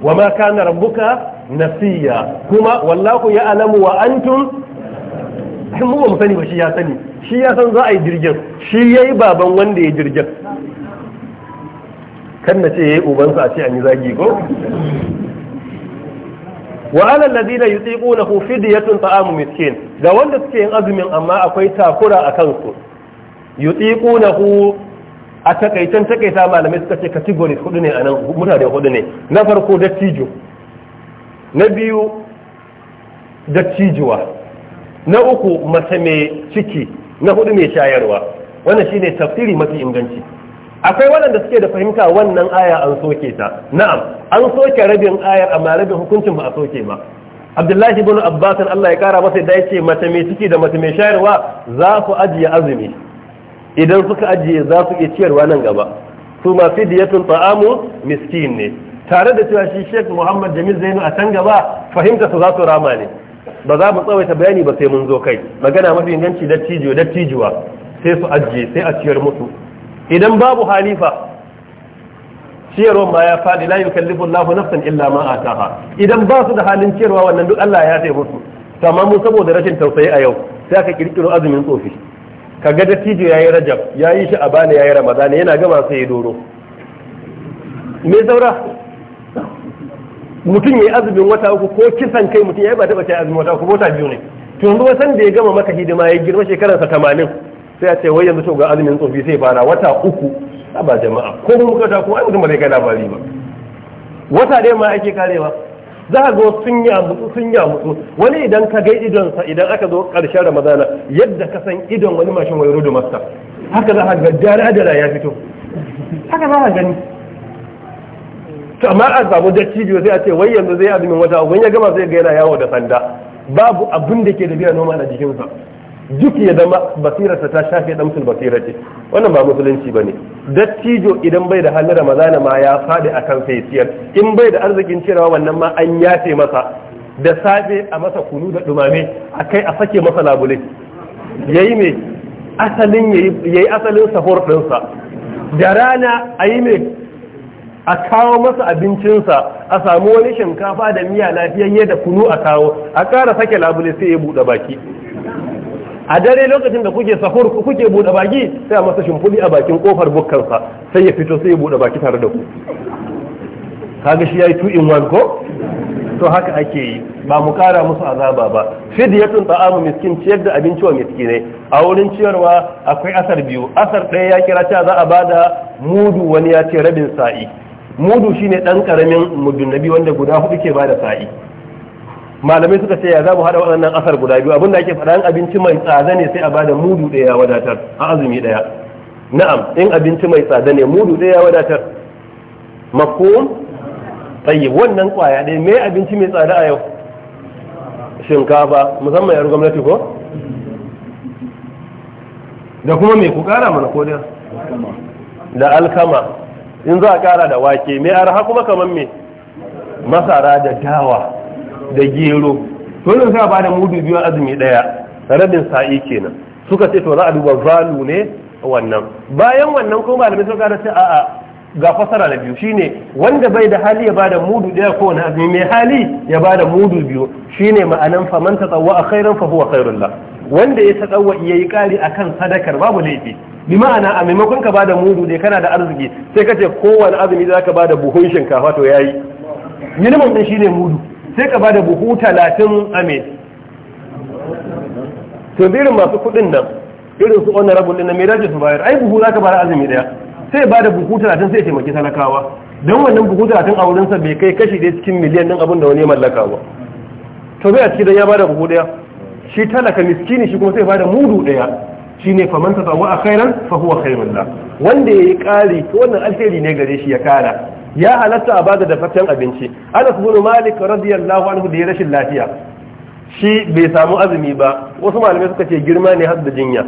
wa ma kana rabbuka nasiya kuma wallahu ya alamu wa antum mu ba mu sani ba shi ya sani shi ya san za a yi jirgin shi yayi baban wanda ya jirgin kan na ce yayi ubansa a ce an yi zagi ko wa alal ladina yutiqunahu fidyatun ta'amu miskin Da wanda suke yin azumin amma akwai takura a kansu yutiqunahu a takaitan takaita malamai suka ce categories hudu ne anan mutane hudu ne na farko dattijo na biyu dattijuwa na uku mace mai ciki na hudu mai shayarwa wannan shine tafsiri mafi inganci akwai waɗanda suke da fahimta wannan aya an soke ta na'am an soke rabin ayar amma rabin hukuncin ba a soke ba abdullahi ibn abbas Allah ya kara masa da yake mace mai ciki da mace mai shayarwa za su ajiye azumi idan suka ajiye za su iya ciyarwa nan gaba su ma fidiyatun ta'amu miskin ne tare da cewa shi Sheikh Muhammad Jamil Zainu a can gaba fahimta su za su rama ne ba za mu tsawaita bayani ba sai mun zo kai magana mafi inganci dattijo dattijuwa sai su ajiye sai a ciyar musu idan babu halifa ciyarwa ma ya faɗi la yukallifu Allahu nafsan illa ma ataha idan ba su da halin ciyarwa wannan duk Allah ya taimaka musu to amma mu saboda rashin tausayi a yau sai aka kirkiro azumin tsofi kaga dattijo yayi rajab yayi shi ya yayi ramadani, yana gama sai ya doro me saura mutum yayi azumin wata uku ko kisan kai mutum yayi ba taba kai azumin wata uku ko ta biyu ne to yanzu wasan da ya gama maka hidima ya girma shekaransa 80 sai a ce wai yanzu shugaban azumin tsofi sai fara wata uku a ba jama'a ko kuma kada ko an zama zai kai labari ba wata dai ma ake karewa za ka ga sun ya mutu sun ya mutu wani idan ka ga idon sa idan aka zo karshen ramadana yadda ka san idon wani mashin wai rudu masta haka za ka ga dara dara ya fito haka za ka gani to amma a samu cibiyo sai a ce wai yanzu zai azumin wata uku ya gama zai ga yana yawo da sanda babu abin da ke da biya noma na jikinsa duk ya zama basirarsa ta shafe damsul basirarci wannan ba musulunci ba ne dattijo idan bai da halin ramadana ma ya faɗi akan fesiyar in bai da arzikin cewa wannan ma an yafe masa da safe a masa kunu da dumame a kai a sake masa labule yayi mai asalin yi asalin sahur ɗinsa da rana a yi mai a kawo masa abincinsa a samu wani shinkafa da miya lafiyayye da kunu a kawo a ƙara sake labule sai ya buɗe baki a dare lokacin da kuke sahur kuke bude baki sai a masa shimfudi a bakin kofar bukkansa sai ya fito sai ya bude baki tare da ku kaga shi yayi 2 in 1 ko to haka ake yi ba mu kara musu azaba ba fidyatun ta'amu miskin ciyar da abinci wa miskinai a wurin ciyarwa akwai asar biyu asar ɗaya ya kira cewa za a bada mudu wani ya ce rabin sa'i mudu shine dan karamin mudun nabi wanda guda hudu ke bada sa'i malamai suka ce ya za mu haɗa waɗannan asar guda biyu abinda ake faɗa in abinci mai tsada ne sai a bada mudu ɗaya ya wadatar a azumi ɗaya na'am in abinci mai tsada ne mudu ɗaya ya wadatar mafhum tsaye wannan ƙwaya ɗaya me abinci mai tsada a yau shinkafa musamman yar gwamnati ko da kuma me ku ƙara mana ko da alkama in za a kara da wake me arha kuma kamar me masara da dawa da gero to yanzu sai ba da mudu biyu azumi daya rabin sa'i kenan suka ce to za a duba zalu ne wannan bayan wannan kuma malamai suka ga ce a'a ga fasara na biyu shine wanda bai da hali ya bada mudu daya ko wani azumi mai hali ya bada mudu biyu shine ma'anan faman tatawwa khairan fa huwa khairul la wanda ya tatawwa yayi kari akan sadakar babu laifi bi ma'ana a maimakon ka bada mudu dai kana da arziki sai ka ce kowane azumi zaka bada buhun shinkafa to yayi minimum din shine mudu sai ka bada buhu talatin ame to birin masu kuɗin nan irin su honorable rabu na me su bayar ai buhu za ba bada azumi daya sai bada buhu talatin sai ya taimaki talakawa don wannan buhu talatin a wurinsa bai kai kashi daya cikin miliyan ɗin abin da wani mallaka ba to bai a ciki dan ya bada buhu daya shi talaka miskini shi kuma sai da mudu daya shi ne faman ta tsawo a khairan fa huwa khairun la wanda yi ƙari to wannan alheri ne gare shi ya kara ya halatta a bada dafaffen abinci anas bin malik radiyallahu anhu da ya rashin lafiya shi bai samu azumi ba wasu malamai suka ce girma ne har da jinya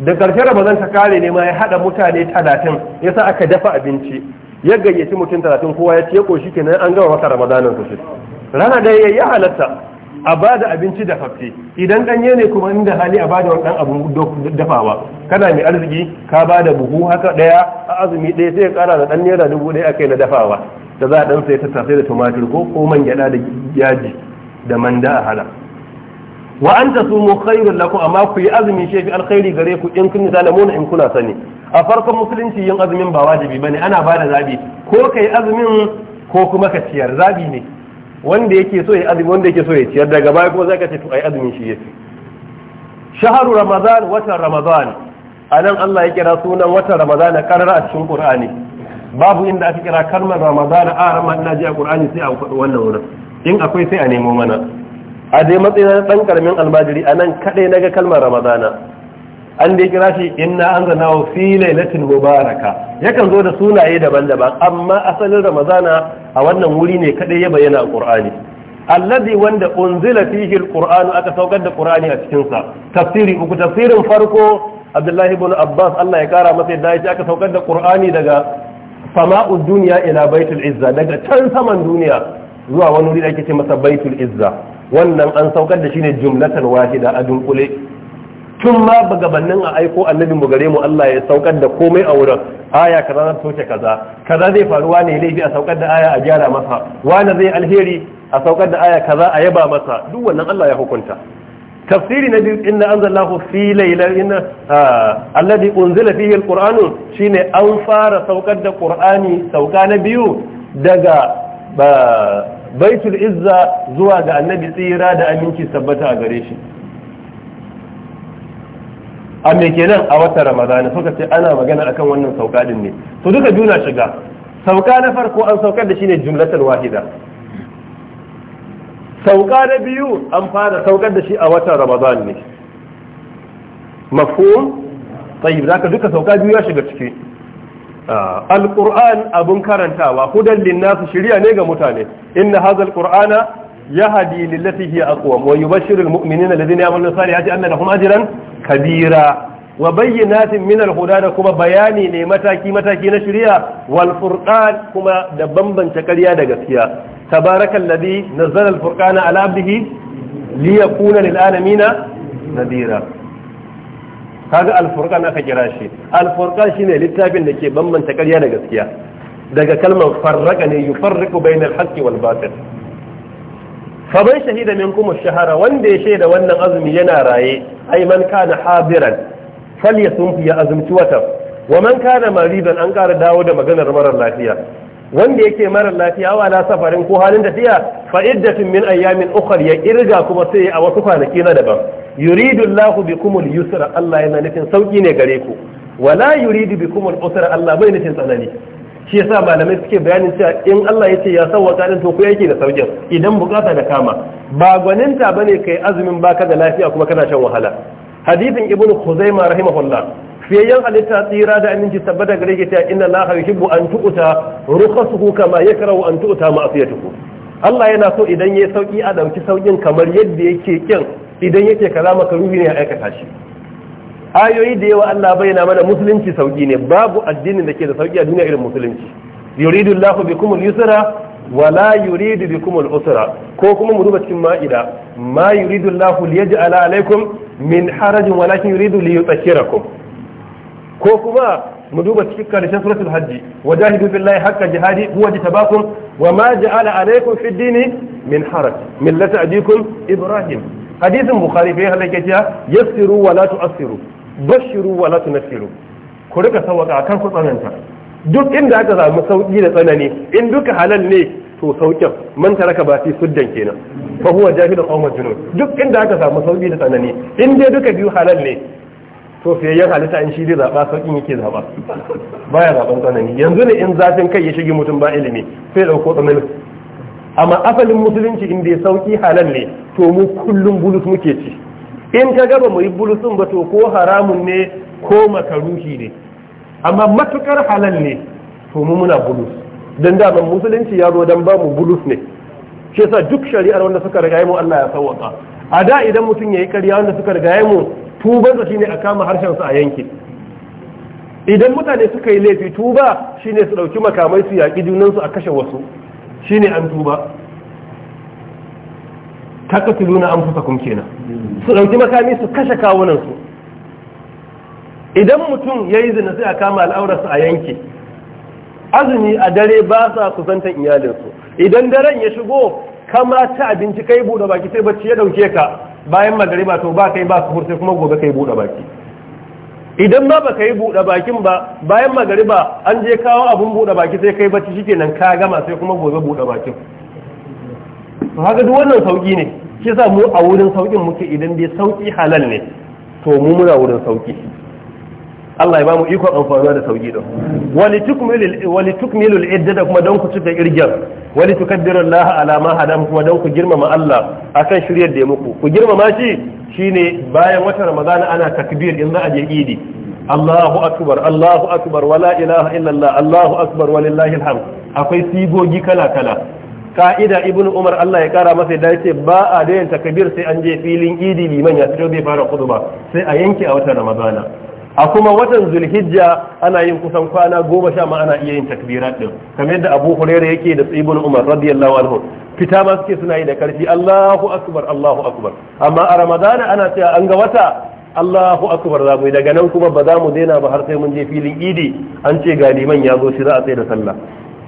da karshe ramadan ta kare ne ma ya haɗa mutane talatin ya sa aka dafa abinci ya gayyaci mutum talatin kowa ya ce ya kenan an gama wata ramadanin su shi rana da ya halatta a ba da abinci da fafe idan ɗanye ne kuma inda hali a ba da wani abin dafawa kana mai arziki ka ba da buhu haka ɗaya a azumi ɗaya sai ya kara da ɗan naira dubu ɗaya kai na dafawa da za a ɗan sai tattasai da tumatir ko ko man gyaɗa da yaji da manda a hala. wa an ta sumu khairun lakum amma ku yi azumi shi fi alkhairi gare ku in kun zalamuna in kuna sani a farkon musulunci yin azumin ba wajibi ne ana ba da zabi ko kai azumin ko kuma ka ciyar zabi ne wanda yake so ya azumi wanda yake so ya ciyar daga baya kuma zaka ce to ai azumin shi yake shahru ramadan watan ramadan anan Allah ya kira sunan watan ramadan karara a cikin qur'ani babu inda aka kira kalmar ramadan a ah, ramar naji a qur'ani sai a faɗi wannan wurin in akwai sai a nemo mana a dai matsayin dan karamin almajiri anan kadai naga kalmar ramadana an dai kira shi inna anzana fi lailatin mubaraka yakan zo da sunaye daban-daban amma asalin ramazana a wannan wuri ne kadai ya bayyana alqur'ani alladhi wanda unzila fihi alqur'an aka saukar da qur'ani a cikin sa tafsiri uku tafsirin farko abdullahi ibn abbas Allah ya kara masa yadda ya aka saukar da qur'ani daga sama'ud duniya ila baitul izza daga can saman duniya zuwa wani wuri da ake ce masa baitul izza wannan an saukar da shi ne jumlatan wahida a dunkule tun ma ba gabanin a aiko annabi mu gare mu Allah ya saukar da komai a wurin aya kaza za toshe kaza kaza zai faru wane laifi a saukar da aya a gyara masa wane zai alheri a saukar da aya kaza a yaba masa duk wannan Allah ya hukunta tafsiri na biyu inna anzalahu fi inna ah, alladhi unzila fihi alqur'anu shine an fara saukar da qur'ani sauka na biyu daga ah, baitul izza zuwa ga annabi tsira da aminci tabbata a gare shi a me kenan a watan ramadana suka ce ana magana akan wannan sauka din ne to duka juna shiga sauka na farko an saukar da shi ne jumlatul wahida sauka na biyu an fara saukar da shi a watan ramadan ne mafhum tayyib zaka duka sauka biyu ya shiga ciki ah, alquran abun karantawa hudan linnasu shiriya ne ga mutane inna hadha alqur'ana yahdi lillati hiya aqwam wa yubashshiru almu'minina alladhina ya'maluna salihati anna lahum ajran kabira wa bayyinatin min alhuda da kuma bayani ne mataki mataki na shari'a wal furqan kuma da bambanta ƙarya da gaskiya tabarakallazi nazzala alfurqana ala abdihi liyakuna lil alamina nadira kaga alfurqan aka kira shi alfurqan shine littafin da ke bambanta karya da gaskiya daga kalmar farraka ne yufarriqu bainal haqqi wal batil faban shahida min kuma shahara wanda ya shaida wannan azumi yana raye ai man kana hadiran falyasum ya azumci watan wa man kana maridan an kara dawo da maganar marar lafiya wanda yake marar lafiya wa la safarin ko halin tafiya fa iddatun min ayyamin ukhra ya irga kuma sai a wasu kwanaki na daban yuridu Allahu bikumul yusra Allah yana nufin sauki ne gare ku wala yuridu bikumul usra Allah bai nufin tsanani shi yasa malamai suke bayanin cewa in Allah yace ya sauwa tsarin to ku yake da saukin idan bukata da kama ba gwaninta ba ne kai azumin baka da lafiya kuma kana shan wahala hadithin ibnu khuzaimah rahimahullah fiyayyen halitta tsira da aminci tabbata gare ki ta inna la yuhibbu an tu'ta rukhasuhu kama yakrahu an tu'ta ma'siyatuhu Allah yana so idan yayi sauki a dauki saukin kamar yadda yake kin idan yake kaza maka ruhi ne ya aikata shi ayoyi da yawa Allah bayyana mana musulunci sauki ne babu addinin da ke da sauki a duniya irin musulunci yuridu Allahu bikum al-yusra wa la yuridu bikum al-usra ko kuma mu duba cikin ma'ida ma yuridu Allahu liyaj'ala alaykum min harajin walakin yuridu liyutahhirakum ko kuma mu duba cikin karshen suratul hajji wajahidu billahi haqqa jihadi huwa jitabakum wa ma ja'ala alaykum fid dini min haraj millata abikum ibrahim hadisin bukhari bai halaka cewa yassiru wa la tu'assiru bashiru wa na tunfiru ku rika a kan ku tsananta duk inda aka samu sauki da tsanani in duka halal ne to saukin man taraka ba fi suddan kenan fa huwa jahilun aw majnun duk inda aka samu sauki da tsanani in dai duka biyu halal ne to yan halitta in shi zai zaɓa sauƙin yake ba baya zaɓen tsanani yanzu ne in zafin kai ya shige mutum ba ilimi sai dauko tsananin amma asalin musulunci inda ya sauƙi halal ne to mu kullum bulus muke ci in ka gaba mu yi bulusun ba to ko haramun ne ko makaruhi ne amma matukar halal ne to mu muna bulus dan daman musulunci ya zo dan ba mu bulus ne shi yasa duk shari'ar wanda suka riga mu Allah ya sauwaka a da idan mutum yi ƙarya wanda suka riga mu tubansa shine a kama harshen su a yanki. idan mutane suka yi laifi tuba shine su dauki makamai su yaƙi junan su a kashe wasu shine an tuba taqtuluna anfusakum kenan su dauki makami su kashe kawunan su idan mutum yayi zina sai a kama al'aurarsa a yanki, azumi a dare ba sa kusantan iyalinsu idan daren ya shigo kama ta abinci kai bude baki sai bacci ya dauke ka bayan magariba to ba kai ba su sai kuma gobe kai bude baki idan ba baka yi bude bakin ba bayan magariba an je kawo abun bude baki sai kai bacci shikenan ka gama sai kuma gobe bude bakin to haka duk wannan sauki ne shi yasa mu a wurin saukin muke idan dai sauki halal ne to mu muna wurin sauki Allah ya ba mu ikon amfani da sauki din wani tukmilu wani tukmilu al-iddata kuma dan ku cika irgen wani tukaddiru Allah ala ma hadam kuma don ku girmama Allah akan shiryar da ya muku ku girmama shi shine bayan wata Ramadana ana takbir in za a je idi Allahu akbar Allahu akbar wala ilaha illallah Allahu akbar walillahi alhamd akwai sigogi kala kala ka'ida ibnu umar Allah ya kara masa da yace ba a da takbir sai an je filin idi liman ya fito bai fara kuduba sai a yanke a watan ramadana a kuma watan zulhijja ana yin kusan kwana goma sha ma ana iya yin takbirat din kamar yadda abu huraira yake da ibnu umar radiyallahu anhu fita ma suke suna yi da karfi Allahu akbar Allahu akbar amma a ramadana ana cewa an ga wata Allahu akbar za daga nan kuma ba za mu daina ba har sai mun je filin idi an ce ga liman ya zo shi za a tsaye da sallah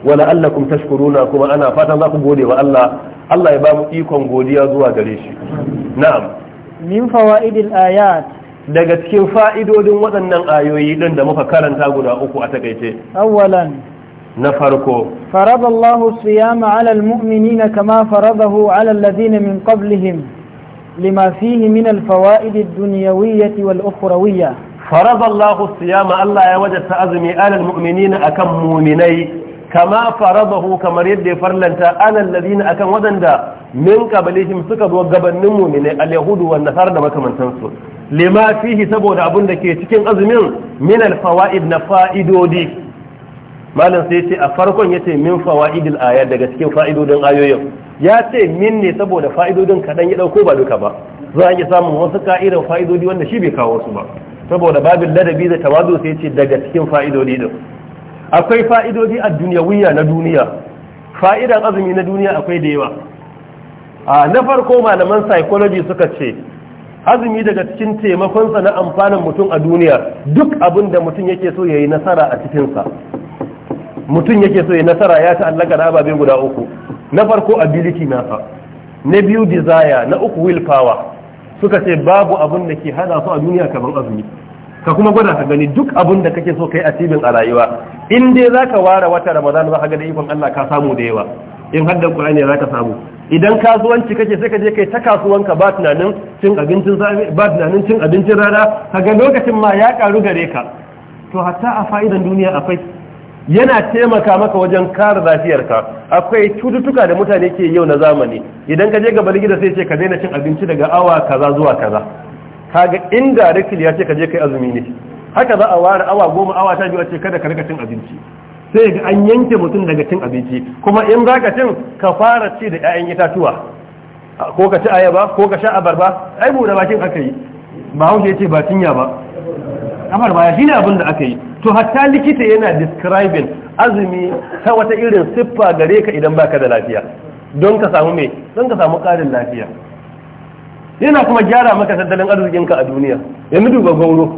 wa la'allakum tashkuruna kuma ana fatan za ku gode wa Allah Allah ya ba mu ikon godiya zuwa gare shi na'am min fawaidil ayat daga cikin fa'idodin waɗannan ayoyi din da muka karanta guda uku a takaice awwalan na farko Faraballahu siyama 'ala al-mu'minina kama faradahu 'ala alladhina min qablihim lima fihi min al ad-dunyawiyyah wal-ukhrawiyyah farada siyama Allah ya wajata azumi 'ala al-mu'minina akan mu'minai kama bahu kamar yadda ya farlanta anan ladina akan wadanda min qablihim suka zo gabanin mu'mini al-yahudu wan nasara da makamantansu lima fihi saboda abun da ke cikin azumin min al-fawaid na fa'idodi malam sai ce a farkon yace min fawaidil ayat daga cikin fa'idodin ayoyin ya ce min ne saboda fa'idodin kadan ya dauko ba duka ba za a iya samun wasu ka'idan fa'idodi wanda shi bai kawo su ba saboda babin ladabi da tawadu sai ce daga cikin fa'idodi din akwai fa'idodi a duniyawiya na duniya fa'idan azumi na duniya akwai da yawa a na farko malaman psychology suka ce azumi daga cikin taimakonsa na amfanin mutum a duniya duk abin da mutum yake so ya yi nasara a cikinsa mutum yake so ya yi nasara ya ta'allaka na ababe guda uku na farko ability nasa na biyu desire na uku willpower suka ce babu abin da ke hana su a duniya kamar azumi ka kuma gwada ka gani duk abin da kake so kai asibin a rayuwa in dai zaka ware wata ramadan za ka ga ikon Allah ka samu da yawa in haddan qur'ani za ka samu idan kasuwanci kake sai ka je kai ta kasuwanka ba tunanin cin abincin safe ba tunanin cin abincin rana kaga lokacin ma ya karu gare ka to hatta a fa'idan duniya akwai yana taimaka maka wajen kare lafiyarka akwai cututtuka da mutane ke yau na zamani idan ka je gaban gida sai ce ka daina cin abinci daga awa kaza zuwa kaza kaga inda indirectly ya ce ka je kai azumi ne haka za a ware awa goma awa ta biyu a ce kada ka rika cin abinci sai ga an yanke mutum daga cin abinci kuma in za ka cin ka fara ci da 'ya'yan itatuwa ko ka ci ayaba ko ka sha abarba ai da bakin aka yi ba haushe ya ce ba cinya ba abarba ya shine abin da aka yi to hatta likita yana describing azumi ta wata irin siffa gare ka idan baka da lafiya don ka samu me don ka samu karin lafiya yana kuma gyara maka tattalin arzikinka a duniya ya yanzu ga gauro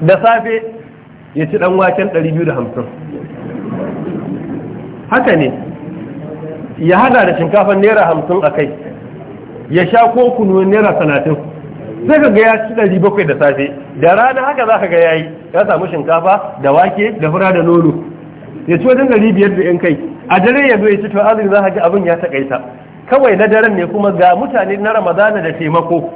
da safe ya ci dan waken 250 haka ne ya hada da shinkafa naira hamsin a kai ya sha ko kunu naira talatin sai ka ga ya ci ɗari bakwai da safe da rana haka za ka ga yi ya samu shinkafa da wake da fura da nono ya ci wajen ɗari biyar da yan kai a dare ya zo ya ci to azumi za ka ga abin ya taƙaita kawai na daren ne kuma ga mutane na ramadana da taimako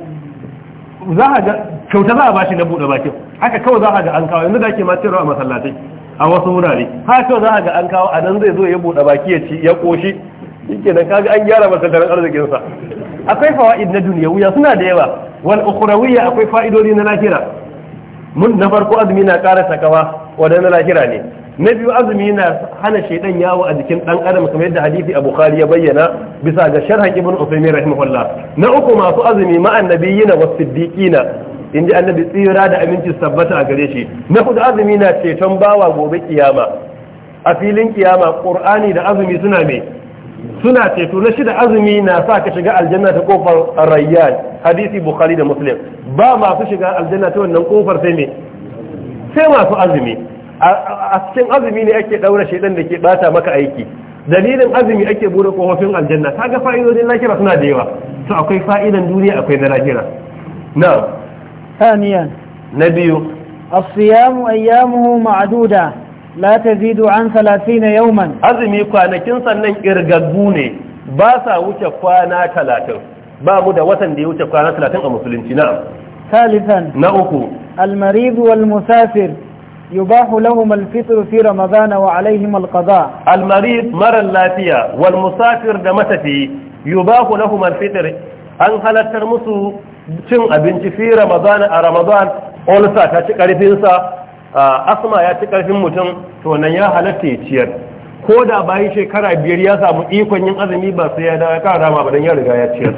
za a ga kyauta za a bashi na buɗe bakin haka kawai za a ga an kawo yanzu da ake ma a masallatai a wasu wurare haka kawai za a ga an kawo a nan zai zo ya buɗe baki ya ci ya ƙoshi yake da kaga an gyara masallatar arzikinsa akwai fawa'id na duniyawiya suna da yawa wal ukhrawiyya akwai fa'idodi na lahira mun na farko azumi na ƙara takawa wadannan lahira ne na biyu azumi na hana shaidan yawo a jikin dan adam kamar yadda hadisi a khari ya bayyana bisa ga sharhan ibn usaymin rahimahullah na uku masu azumi ma annabiyina na siddiqina inji annabi tsira da aminci sabbata a gare shi na hudu azumi na ceton bawa gobe kiyama a filin kiyama qur'ani da azumi suna me suna ceto na shida azumi na sa ka shiga aljanna ta kofar rayyan hadisi bukhari da muslim ba masu shiga aljanna ta wannan kofar sai me sai masu azumi a cikin azumi ne ake daura shaidan da ke bata maka aiki dalilin azumi ake bude kofofin aljanna ta ga fa'idodin lahira suna da yawa to akwai fa'idan duniya akwai na lahira na Na biyu. a ثانيا نبي الصيام أيامه معدودة لا تزيد عن ثلاثين يوما Azumi kwanakin sannan kirgaggu ne ba sa wuce kwana talatin ba mu da watan da ya wuce kwana talatin a musulunci na ثالثا na uku wal musafir. يباح لهم الفطر في رمضان وعليهم القضاء المريض مر اللافية والمسافر دمتفي يباح لهم الفطر أن هل ترمسوا cin abinci fi ramadan a ramadan olsa ta ci karfinsa asma ya ci karfin mutum to nan ya halatta ya ciyar ko da bayan shekara biyar ya samu ikon yin azumi ba sai ya dawo ya kara rama ba dan ya riga ya ciyar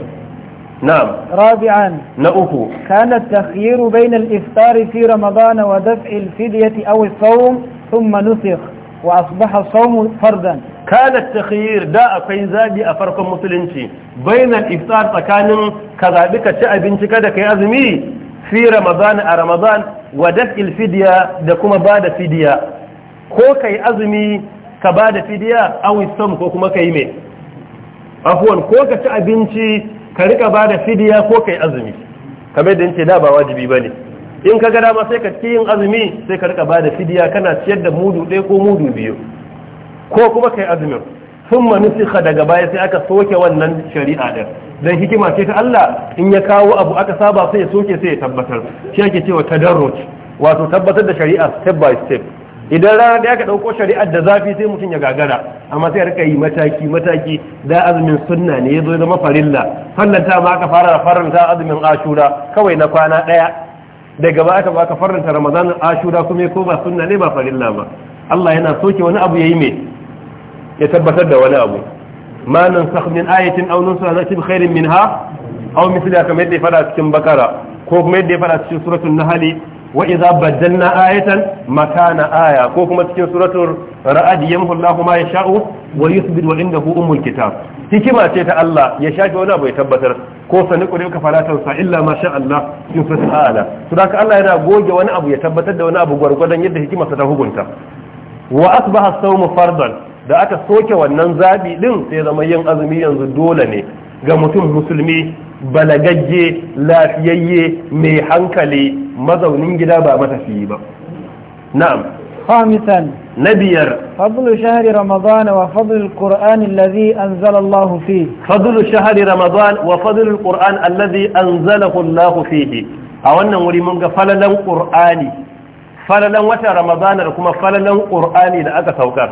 نعم رابعا نؤه كان التخيير بين الإفطار في رمضان ودفع الفدية أو الصوم ثم نسخ وأصبح الصوم فردا كان التخيير دا أكوين زابي أفرق مسلنشي بين الإفطار تكان كذابك تأبنش كدك يزمي في رمضان رمضان ودفع الفدية دكما بعد فدية كي أزمي كبعد فدية أو الصوم كما كيمي أفوا كوكا تأبنشي ka rika ba da fidiya ko kai azumi kamar da ce da ba wajibi ba ne in ka ga dama sai ka ci yin azumi sai ka rika ba da fidiya kana ciyar da mudu ɗaya ko mudu biyu ko kuma kai azumin sun manusikha daga baya sai aka soke wannan shari'a ɗin dan hikima ce ta Allah in ya kawo abu aka saba sai ya soke sai ya tabbatar shi ake cewa tadarruj wato tabbatar da shari'a step by step idan rana da ka ɗauko shari'ar da zafi sai mutum ya gagara amma sai rika yi mataki mataki da azumin sunna ne ya zo zama farilla fallanta ma aka fara faranta azumin ashura kawai na kwana ɗaya daga ba aka baka faranta ramadanin ashura kuma ko ba sunna ne ba farilla ba Allah yana soke wani abu yayi mai ya tabbatar da wani abu ma nan sakh min ayatin aw kairin nasib khairin minha aw mithla kamar yadda ya fara cikin bakara ko kuma yadda ya fara cikin suratul nahl wa idza baddalna ayatan makana aya ko kuma cikin suratul ra'd yamhu Allahu ma yasha'u wa yuthbit wa indahu umul kitab hikima ce ta Allah ya shafe wani abu ya tabbatar ko sani ku ka falatan sa illa ma sha Allah in fi sa'ala to haka Allah yana goge wani abu ya tabbatar da wani abu gwargwadon yadda hikima ta hukunta wa asbaha as-sawm fardan da aka soke wannan zabi din sai zama yin azumi yanzu dole ne ga mutum musulmi balagajje lafiyayye mai hankali mazaunin gida ba matafiye ba na'am na biyar fadlu shahri ramadan wa fadlu alquran alladhi anzala Allah fihi fihi a wannan wuri mun ga falalen qur'ani falalan wata ramadan da kuma falalen qur'ani da aka saukar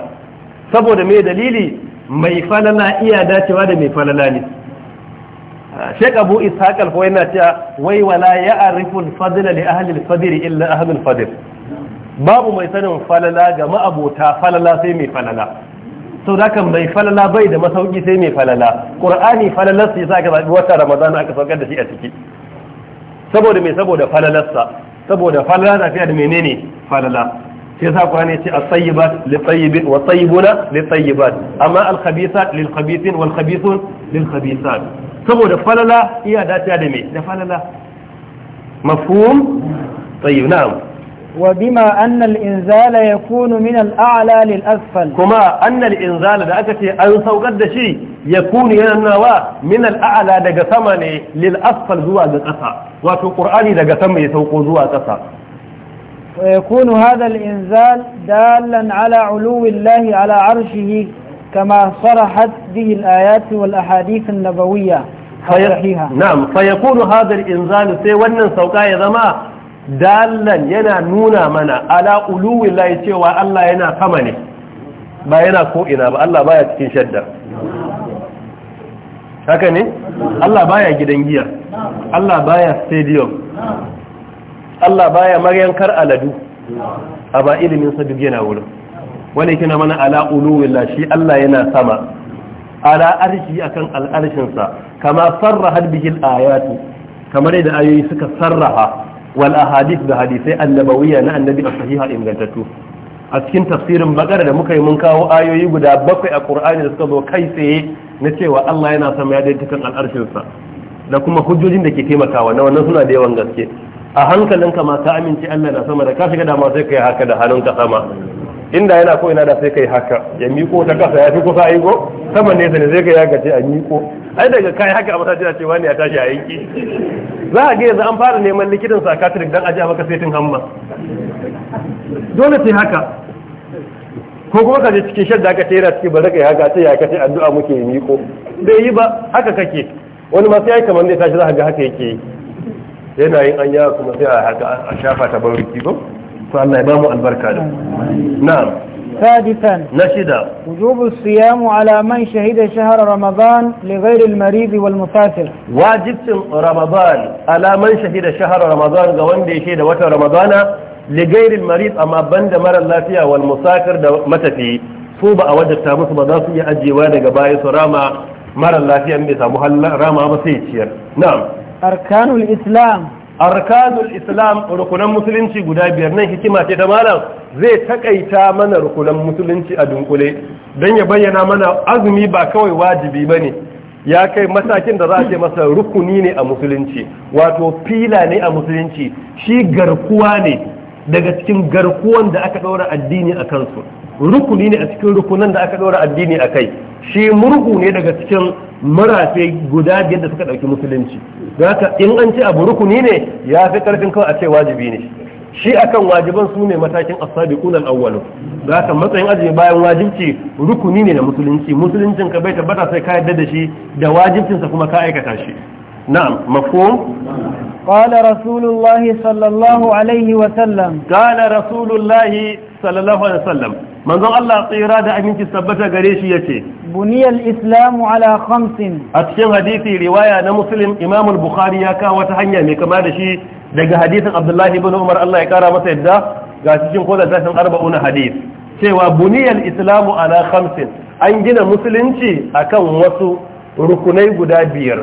saboda mai dalili mai falala iya dacewa da mai falala ne shek abu ishaq al na cewa wai wala ya'rifu al-fadla li ahli al illa ahli al babu mai sanin falala ga ma'abota falala sai mai falala sau da kan mai falala bai da masauki sai mai falala ƙur'ani falalarsa ya sa aka zaɓi wata ramadan aka saukar da shi a ciki saboda mai saboda falalarsa saboda falala na fiye da menene falala sai sa ƙur'ani ce a tsayibat li tsayibin wa tsayibuna li tsayibat amma al khabisa lil khabisin wal khabisun lil khabisat saboda falala iya dace da me da falala mafhum tayyib na'am wa bima anna al-inzal yakunu min al-a'la lil-asfal kuma anna al-inzal da aka ce an saukar da shi yakunu yana wa min al-a'la daga sama ne lil-asfal zuwa ga kasa wato qur'ani daga sama ya sauko zuwa ƙasa ويكون هذا الإنزال دالا على علو الله على عرشه كما صرحت به الآيات والأحاديث النبوية na'am fa yakunu hadha al sai wannan sauka ya zama dallan yana nuna mana ala uluwi lahi cewa Allah yana sama ne ba yana ko'ina ba Allah baya cikin shadda haka ne Allah baya gidan giya Allah baya stadium Allah baya maryankar aladu a ba ilimin sa duk yana wurin wani kina mana ala shi Allah yana sama ala arshi akan sa kama sarraha bihil ayatu kamar yadda ayoyi suka sarraha wal ahadith da hadisai annabawiyya na annabi a sahiha ingantattu a cikin tafsirin bakara da muka yi mun kawo ayoyi guda bakwai a qur'ani da suka zo kai tsaye na cewa Allah yana sama ya daita kan sa da kuma hujjojin da ke taimakawa na wannan suna da yawan gaske a hankalinka ma ka amince Allah na sama da ka shiga ma sai kai haka da hannunka sama inda yana ko ina da sai kai haka ya miko ta kasa ya fi kusa a yi ko nesa ne sai sai kai haka ce a miko ai daga kai haka a masallaci ce wani ya tashi a yanki za a ga yanzu an fara neman likitan psychiatric dan ajiya maka setin hamma dole sai haka ko kuma ka je cikin shadda ka tera ciki ba zaka yi haka sai ya kace addu'a muke miko bai yi ba haka kake wani ma sai kamar ne tashi za ka ga haka yake yana yin anya kuma sai a haka a shafa ta bauriki ko to Allah ya ba mu albarka da na'am سادسا نشدا وجوب الصيام على من شهد شهر رمضان لغير المريض والمسافر واجب رمضان على من شهد شهر رمضان غوان دي شهد وتر رمضان لغير المريض اما بند مر اللافيا والمسافر ده متفي su ba a wajabta musu ba za su iya ajiyewa daga baya su rama mara lafiyan bai samu rama ba sai ciyar na'am arkanul islam arkanul islam rukunan musulunci guda biyar nan hikima ce ta malam zai takaita mana rukunan musulunci a dunkule don ya bayyana mana azumi ba kawai wajibi ba ne ya kai matakin da za a ce masa rukuni ne a musulunci wato fila ne a musulunci shi garkuwa ne daga cikin garkuwan da aka daura addini a kansu rukuni ne a cikin rukunan da aka ɗaura addini a kai shi murhu ne daga cikin marafe guda biyar da suka ɗauki musulunci don haka in an ce abu rukuni ne ya fi karfin kawai a ce wajibi ne shi akan wajiban su ne matakin asabi kunan awwalun da haka matsayin azumi bayan wajibci rukuni ne na musulunci musuluncin ka bai tabbata sai ka yadda da shi da wajibcinsa kuma ka aikata shi نعم مفهوم قال رسول الله صلى الله عليه وسلم قال رسول الله صلى الله عليه وسلم من ذو الله قيراد أمينك ثبت قريش يتي بني الإسلام على خمس أتشم حديثي رواية مسلم إمام البخاري يكا وتحنيا ميكما دشي دقى حديث عبد الله بن عمر الله يكارا مسيدا قال تشم قولة ثلاثة أربعون حديث cewa buniyar islamu ala khamsin an gina musulunci akan wasu rukunai guda biyar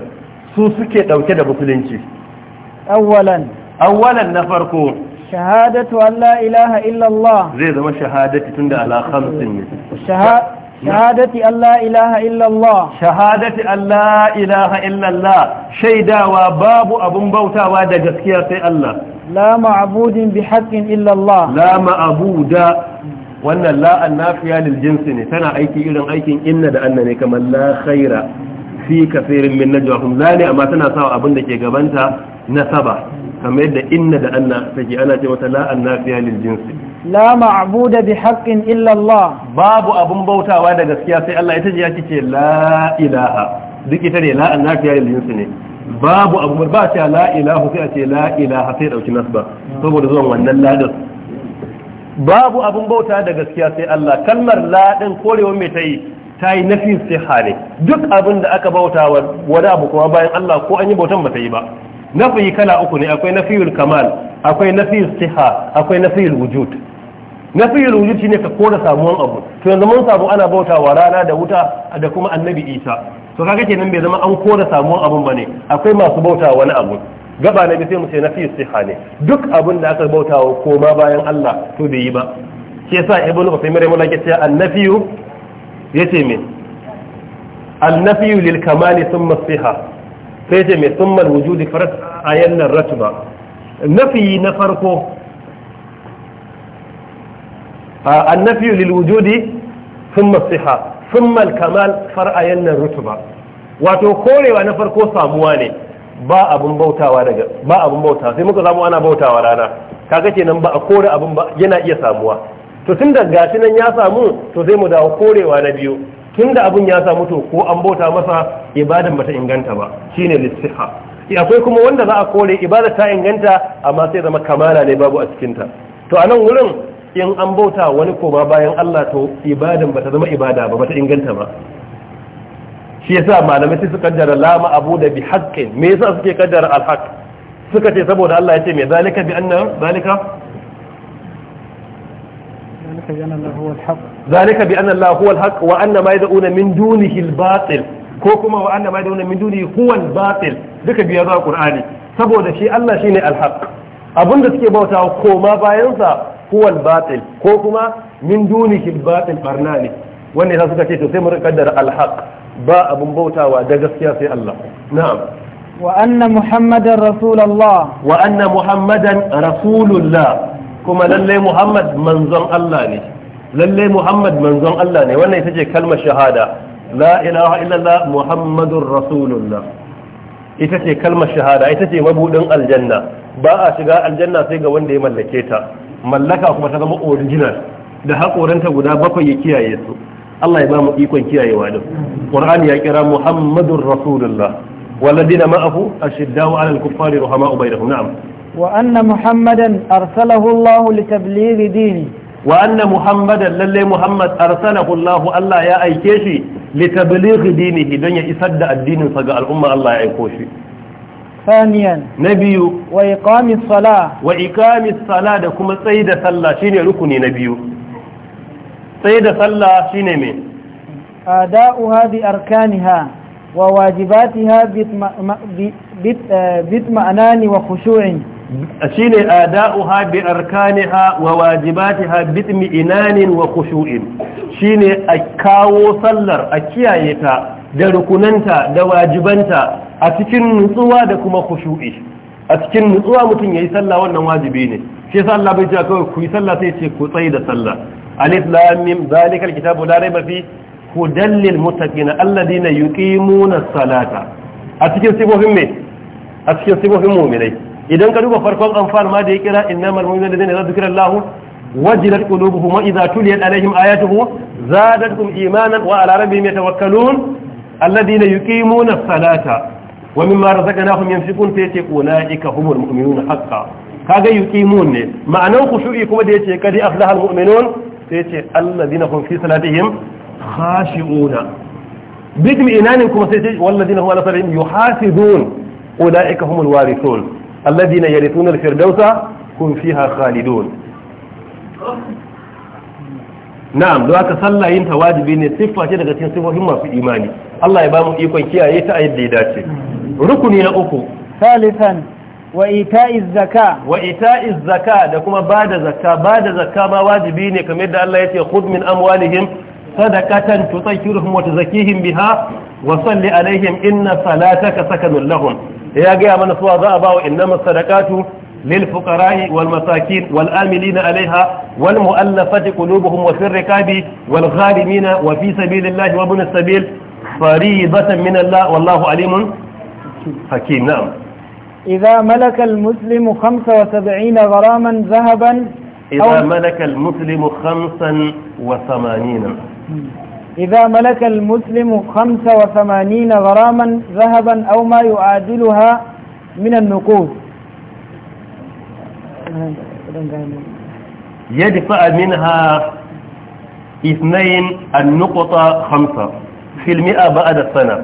su suke ɗauke da musulunci awwalan awwalan na farko shahadatu allah la ilaha illallah zai zama shahadati tunda ala khamsin ne shahadati allah la ilaha illallah shahadati allah la ilaha illallah shaidawa babu abun bautawa da gaskiya sai Allah la ma'budin bi haqqin illallah la ma'buda wannan la annafiya lil jinsi ne tana aiki irin aikin inna da anna ne kamar la khaira fi kafirin min najwahum zani amma tana sawa abin da ke gabanta nasaba kamar yadda inna da anna take ana ce mata la annafiya lil jinsi la ma'buda bi haqqin illa Allah babu abun bautawa da gaskiya sai Allah ita ce ya ce la ilaha duk ita ne la annafiya lil jinsi ne babu abu ba ta la ilaha sai a ce la ilaha sai dauki nasba saboda zuwan wannan ladin babu abun bauta da gaskiya sai Allah kalmar la din korewa mai ta yi ta yi nafi siha ne duk abin da aka bauta wa wani abu kuma bayan Allah ko an yi bautan ba ta yi ba nafi kala uku ne akwai nafiyul kamal akwai nafi siha akwai nafiyul wujud nafiyul wujud shine ka kora samuwan abu to yanzu mun samu ana bauta wa rana da wuta da kuma annabi isa to kaga kenan bai zama an kora samuwan abun bane akwai masu bauta wani abu gaba na bi sai mu ce nafi siha ne duk abin da aka bauta wa koma bayan Allah to bai yi ba shi yasa ibnu qasim rahimahullah ya ce annafiyu yace me annafiyu lil kamali thumma siha sai yace me thumma al wujudi farat ayan ratba nafi na farko annafiyu lil wujudi thumma siha thumma al kamal ratu ba. wato korewa na farko samuwa ne ba abun bautawa daga ba abun bauta sai muka samu ana bautawa rana kaga kenan ba a kore abun ba yana iya samuwa to tun da gashi nan ya samu to sai mu dawo korewa na biyu Tun da abin ya samu to ko an bauta masa ibadan bata inganta ba shine lissiha akwai kuma wanda za a kore ibada ta inganta amma sai zama kamala ne babu a cikinta to a nan wurin in an bauta wani koma bayan Allah to ibadan bata zama ibada ba bata inganta ba shi yasa malamai sai suka kaddara lama abu da bi haqqin me yasa suke kaddara al suka ce saboda Allah ya ce me zalika bi annahu zalika تبين الله هو الحق ذلك بأن الله هو الحق وأن ما يدعون من دونه الباطل ko kuma wa annama da wannan min duni huwan batil duka biya za qur'ani saboda shi Allah shine alhaq da suke bauta koma bayan sa huwan batil ko kuma min duni batil barna ne wanne za suka ce to sai mu kaddara alhaq ba abun bautawa da gaskiya sai Allah na'am wa anna muhammadan rasulullah wa anna muhammadan rasulullah kuma lallai muhammad manzon Allah ne lallai muhammad manzon Allah ne wannan ita ce kalmar shahada la ilaha illallah muhammadur rasulullah ita ce kalmar shahada ita ce mabudin aljanna ba a shiga aljanna sai ga wanda ya mallake ta mallaka kuma ta zama original da hakoranta guda bakwai ya kiyaye su Allah ya ba mu ikon kiyayewa din Qur'ani ya kira Muhammadur Rasulullah والذين معه أشداء على الكفار رحماء بينهم نعم وأن محمدا أرسله الله لتبليغ دينه وأن محمدا للي محمد أرسله الله الله يا أيكيشي لتبليغ دينه دنيا يسد الدين صقى الأمة الله يأيكوشي ثانيا نبي وإقام الصلاة وإقام الصلاة كما سيدة صلى شيني ركني نبي سيدة صلى شيني من آداء هذه أركانها وواجباتها بإطمئنان وخشوع shine ada'uha bi arkaniha wa wajibatiha bi inanin wa Shi shine a kawo sallar a kiyaye ta da rukunanta da wajibanta a cikin nutsuwa da kuma khushu'i a cikin nutsuwa mutum yi sallah wannan wajibi ne shi yasa Allah bai ce kawai ku yi sallah sai ce ku tsayi da sallah alif lam mim zalikal kitabu la rayba fi hudan lil muttaqin alladhina yuqimuna salata a cikin sifofin me a cikin sifofin mu'minai idan ka duba farkon anfal ma da ya kira innamal mu'minuna alladhina idza dhukira Allahu wajilat qulubuhum wa idza tuliyat alaihim ayatuhu zadatkum imanan wa ala rabbihim yatawakkalun alladhina yuqimuna as-salata wa mimma razaqnahum yunfiqun fa yaqulaika humul mu'minuna haqqan kaga yuqimun ne ma'anan khushu'i kuma da yace kadi aflahal mu'minun sai yace alladhina hum fi salatihim khashi'una bidmi inanin kuma sai yace walladhina hum ala salatihim yuhasibun ulaika humul warithun alladina yarithuna al-firdausa kun fiha khalidun na'am don haka sallah yin ta wajibi ne siffa ce daga cikin sifofin masu imani Allah ya ba mu ikon kiyaye ta a ya dace rukuni na uku salisan wa ita'iz zaka wa ita'iz zaka da kuma bada zakka bada zakka ma wajibi ne kamar da Allah ya ce khudh min amwalihim صدقة تطيرهم وتزكيهم بها وصل عليهم إن صلاتك سكن لهم يا جاء من صواد أباو إنما الصدقات للفقراء والمساكين والآملين عليها والمؤلفة قلوبهم وفي الركاب والغالمين وفي سبيل الله وابن السبيل فريضة من الله والله عليم حكيم نعم إذا ملك المسلم خمسة وسبعين غراما ذهبا إذا ملك المسلم خمسا وثمانينا إذا ملك المسلم خمس وثمانين غراما ذهبا أو ما يعادلها من النقود يدفع منها اثنين النقطة خمسة في المئة بعد السنة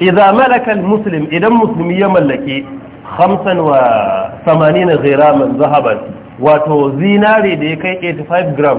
إذا ملك المسلم إذا المسلم يملك خمسا وثمانين غراما ذهبا وتوزينا لديك 85 جرام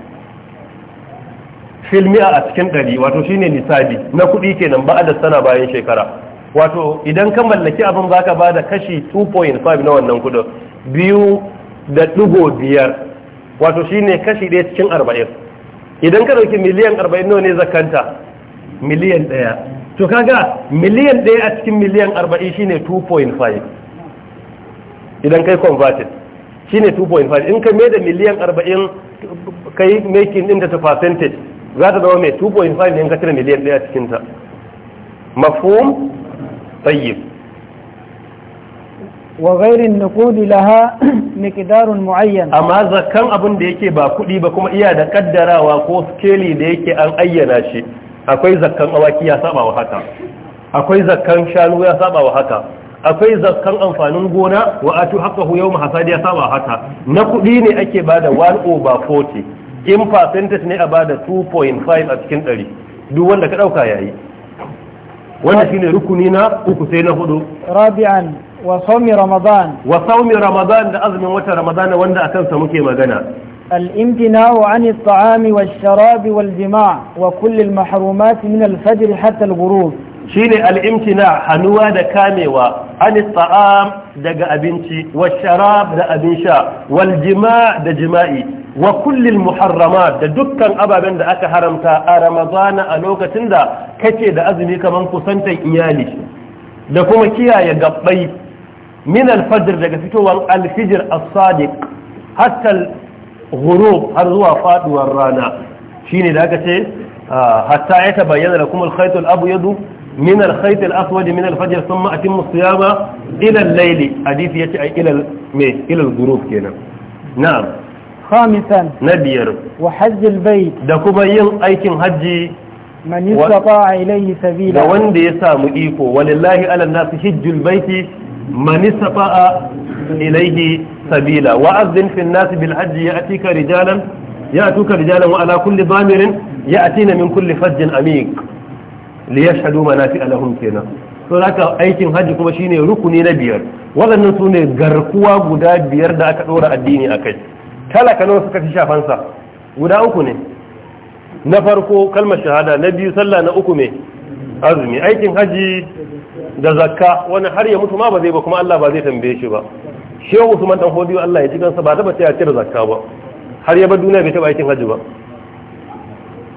filmi a cikin ɗari wato shine nisabi na kuɗi kenan ba da sana bayan shekara wato idan ka mallaki abin zaka ba da kashi 2.5 na wannan kuɗin biyu da ɗigo biyar wato shine kashi ɗaya cikin arba'in idan ka ɗauki miliyan arba'in nawa ne zakanta miliyan ɗaya to kaga miliyan ɗaya a cikin miliyan arba'in shine 2.5 idan kai converted shine 2.5 in ka mai da miliyan arba'in kai making ɗin da ta percentage za ta zama mai 2.5 ne in miliyan daya cikin ta mafhum tayyib wa ghairin nuqudi laha miqdarun muayyan amma zakkan abin da yake ba kuɗi ba kuma iya da kaddarawa ko skeli da yake an ayyana shi akwai zakkan awaki ya saba wa haka akwai zakkan shanu ya saba wa haka akwai zakkan amfanin gona wa atu haqqahu yawma hasadi ya saba haka na kuɗi ne ake bada 1 over 40 in percentage ne a ba da 2.5 a cikin ɗari, duk wanda ka dauka yayi wannan shine rukuni na uku sai na hudu rabi'an wa sawmi ramadan wa sawmi ramadan da azumin watan ramadan wanda akan sa muke magana al imtina wa an at'ami wash sharab wal jima' wa kull al mahrumat min al fajr hatta al ghurub shine al imtina hanuwa da kamewa an at'am daga abinci wa sharab da abin sha wal jima' da jima'i wa kullil muharramat da dukkan ababen da aka haramta a ramadana a lokacin da kace da azumi kaman kusantan iyali da kuma kiyaye gabbai min alfajr daga fitowar alfijir as-sadiq hatta ghurub har zuwa faduwar rana shine da aka ce hatta ya tabayyana lakum al-khayt al-abyad min al-khayt al-aswad min al-fajr thumma atimmu as-siyama ila al-layl hadisi yace ila me ila al-ghurub kenan na'am khamisan na biyar wa hajjil da kuma yin aikin hajji man yastata ilayhi sabila da wanda ya samu iko walilahi ala nasi hajjul baiti man yastata ilayhi sabila wa azzin fi nasi bil hajji ya'tika rijalan ya'tuka rijalan wa ala kulli damirin ya'tina min kulli fajjin kenan aikin hajji kuma shine rukuni na biyar waɗannan su ne garkuwa guda biyar da aka ɗora addini a kai talaka nawa suka fi shafansa guda uku ne na farko kalmar shahada na biyu sallah na uku ne azumi aikin haji da zakka wani har ya mutu ma ba zai ba kuma Allah ba zai tambaye shi ba shehu usman dan hodiyo Allah ya ji gansa ba taba ya da zakka ba har ya bar duniya bai taba aikin haji ba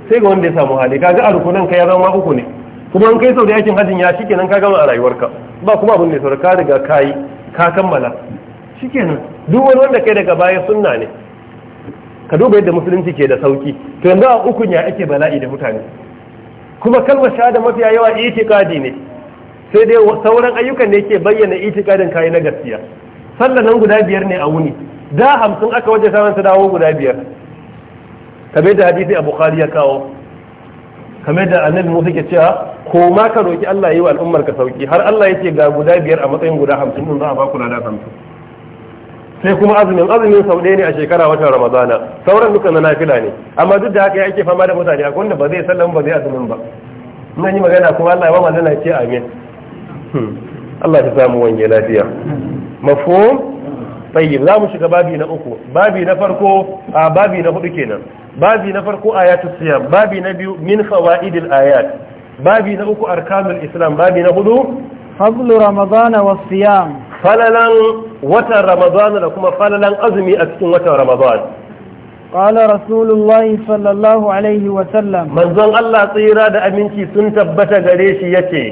sai ga wanda ya samu hali kaga a rukunan ka ya zama uku ne kuma an kai sau da aikin hajin ya nan ka gama a rayuwarka ba kuma abin da ya Ka riga yi, ka kammala shikenan duk wani wanda kai daga baya sunna ne ka duba yadda musulunci ke da sauki to yanzu a ukun ya ake bala'i da mutane kuma kalmar shahada mafiya yawa itikadi ne sai dai sauran ayyukan ne ke bayyana itikadin kayi na gaskiya Sallanan nan guda biyar ne a wuni da hamsin aka waje samun su dawo guda biyar kamar da hadisi a bukhari ya kawo kamar da annabi musa ke cewa ko ma ka roki Allah ya yi wa al'ummar ka sauki har Allah ya ce ga guda biyar a matsayin guda hamsin din za a ba ku lada hamsin sai kuma azumin azumin sau ɗaya ne a shekara watan ramadana sauran duka na nafila ne amma duk da haka ya ake fama da mutane akwai wanda ba zai sallan ba zai azumin ba ina yi magana kuma Allah ya ba manzana ce amin hmm. Allah ya samu wange lafiya mafhum tayyib za mu shiga babi na uku babi na farko a babi na hudu kenan babi na farko ayatu siyam babi na biyu min fawaidil ayat babi na uku arkanul islam babi na hudu fadlu ramadana was siyam falalan watan ramadana da kuma falalan azumi a cikin watan ramadana قال رسول الله صلى الله عليه وسلم من tsira da aminci sun tabbata gare shi yace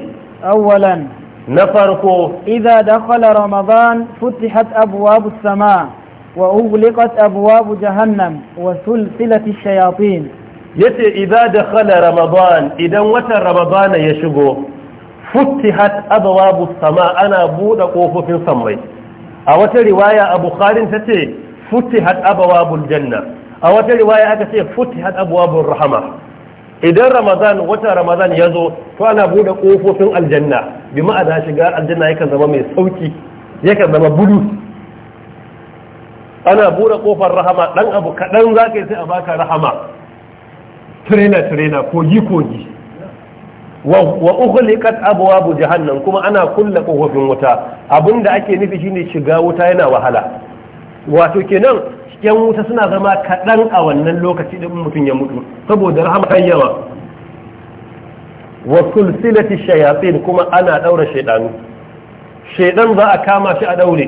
awwalan na farko idza dakhala ramadan futihat abwab as-samaa wa ughliqat abwab jahannam wa sulsilat ash-shayatin yace idza dakhala ramadan idan watan ramadana ya shigo futihat abwab as-samaa ana buɗe ƙofofin sammai a wata riwaya a bukharin ta ce futihat abawabul janna a wata riwaya aka ce futihat abwabur rahama idan ramadan wata ramadan ya zo to ana bude kofofin aljanna bi ma'ana shiga aljanna yakan zama mai sauki yakan zama bulu ana bude kofar rahama dan abu kadan zaka sai a baka rahama Tirena tirena, kogi kogi wa ughliqat abwabu jahannam kuma ana kulle kofofin wuta abinda ake nufi shine shiga wuta yana wahala wato kenan yan wuta suna zama kaɗan a wannan lokaci din mutum ya mutu saboda rahmatan yawa wa sulsilati shayatin kuma ana daura shaydanu shaydan za a kama shi a daure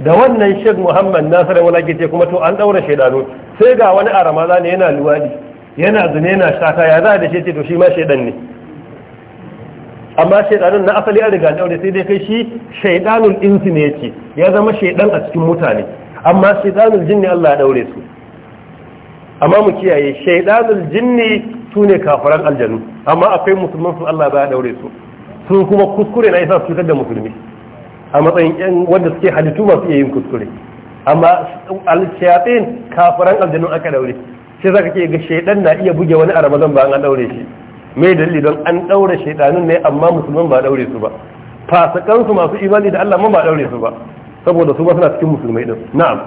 da wannan Sheikh Muhammad Nasir wala kuma to an daura shaydanu sai ga wani a ne yana luwadi yana zune na shaka ya za da shi to shi ma shaidan ne amma shaidanun na asali an riga daure sai dai kai shi shaidanun insi ne yake ya zama shaidan a cikin mutane amma shaidanul jinni Allah ya daure su amma mu kiyaye shaidanul jinni su ne kafaran aljanu amma akwai musulman su Allah ba ya daure su sun kuma kuskure na isa su cutar da musulmi a matsayin yan wanda suke halittu masu iya yin kuskure amma al-shayatin aljanu aka daure sai zaka ke ga shaidan na iya buge wani a ramadan ba an daure shi mai dalili don an daure shaidanun ne amma musulman ba daure su ba fasikan su masu imani da Allah ma ba daure su ba saboda su ba suna cikin musulmai din na'am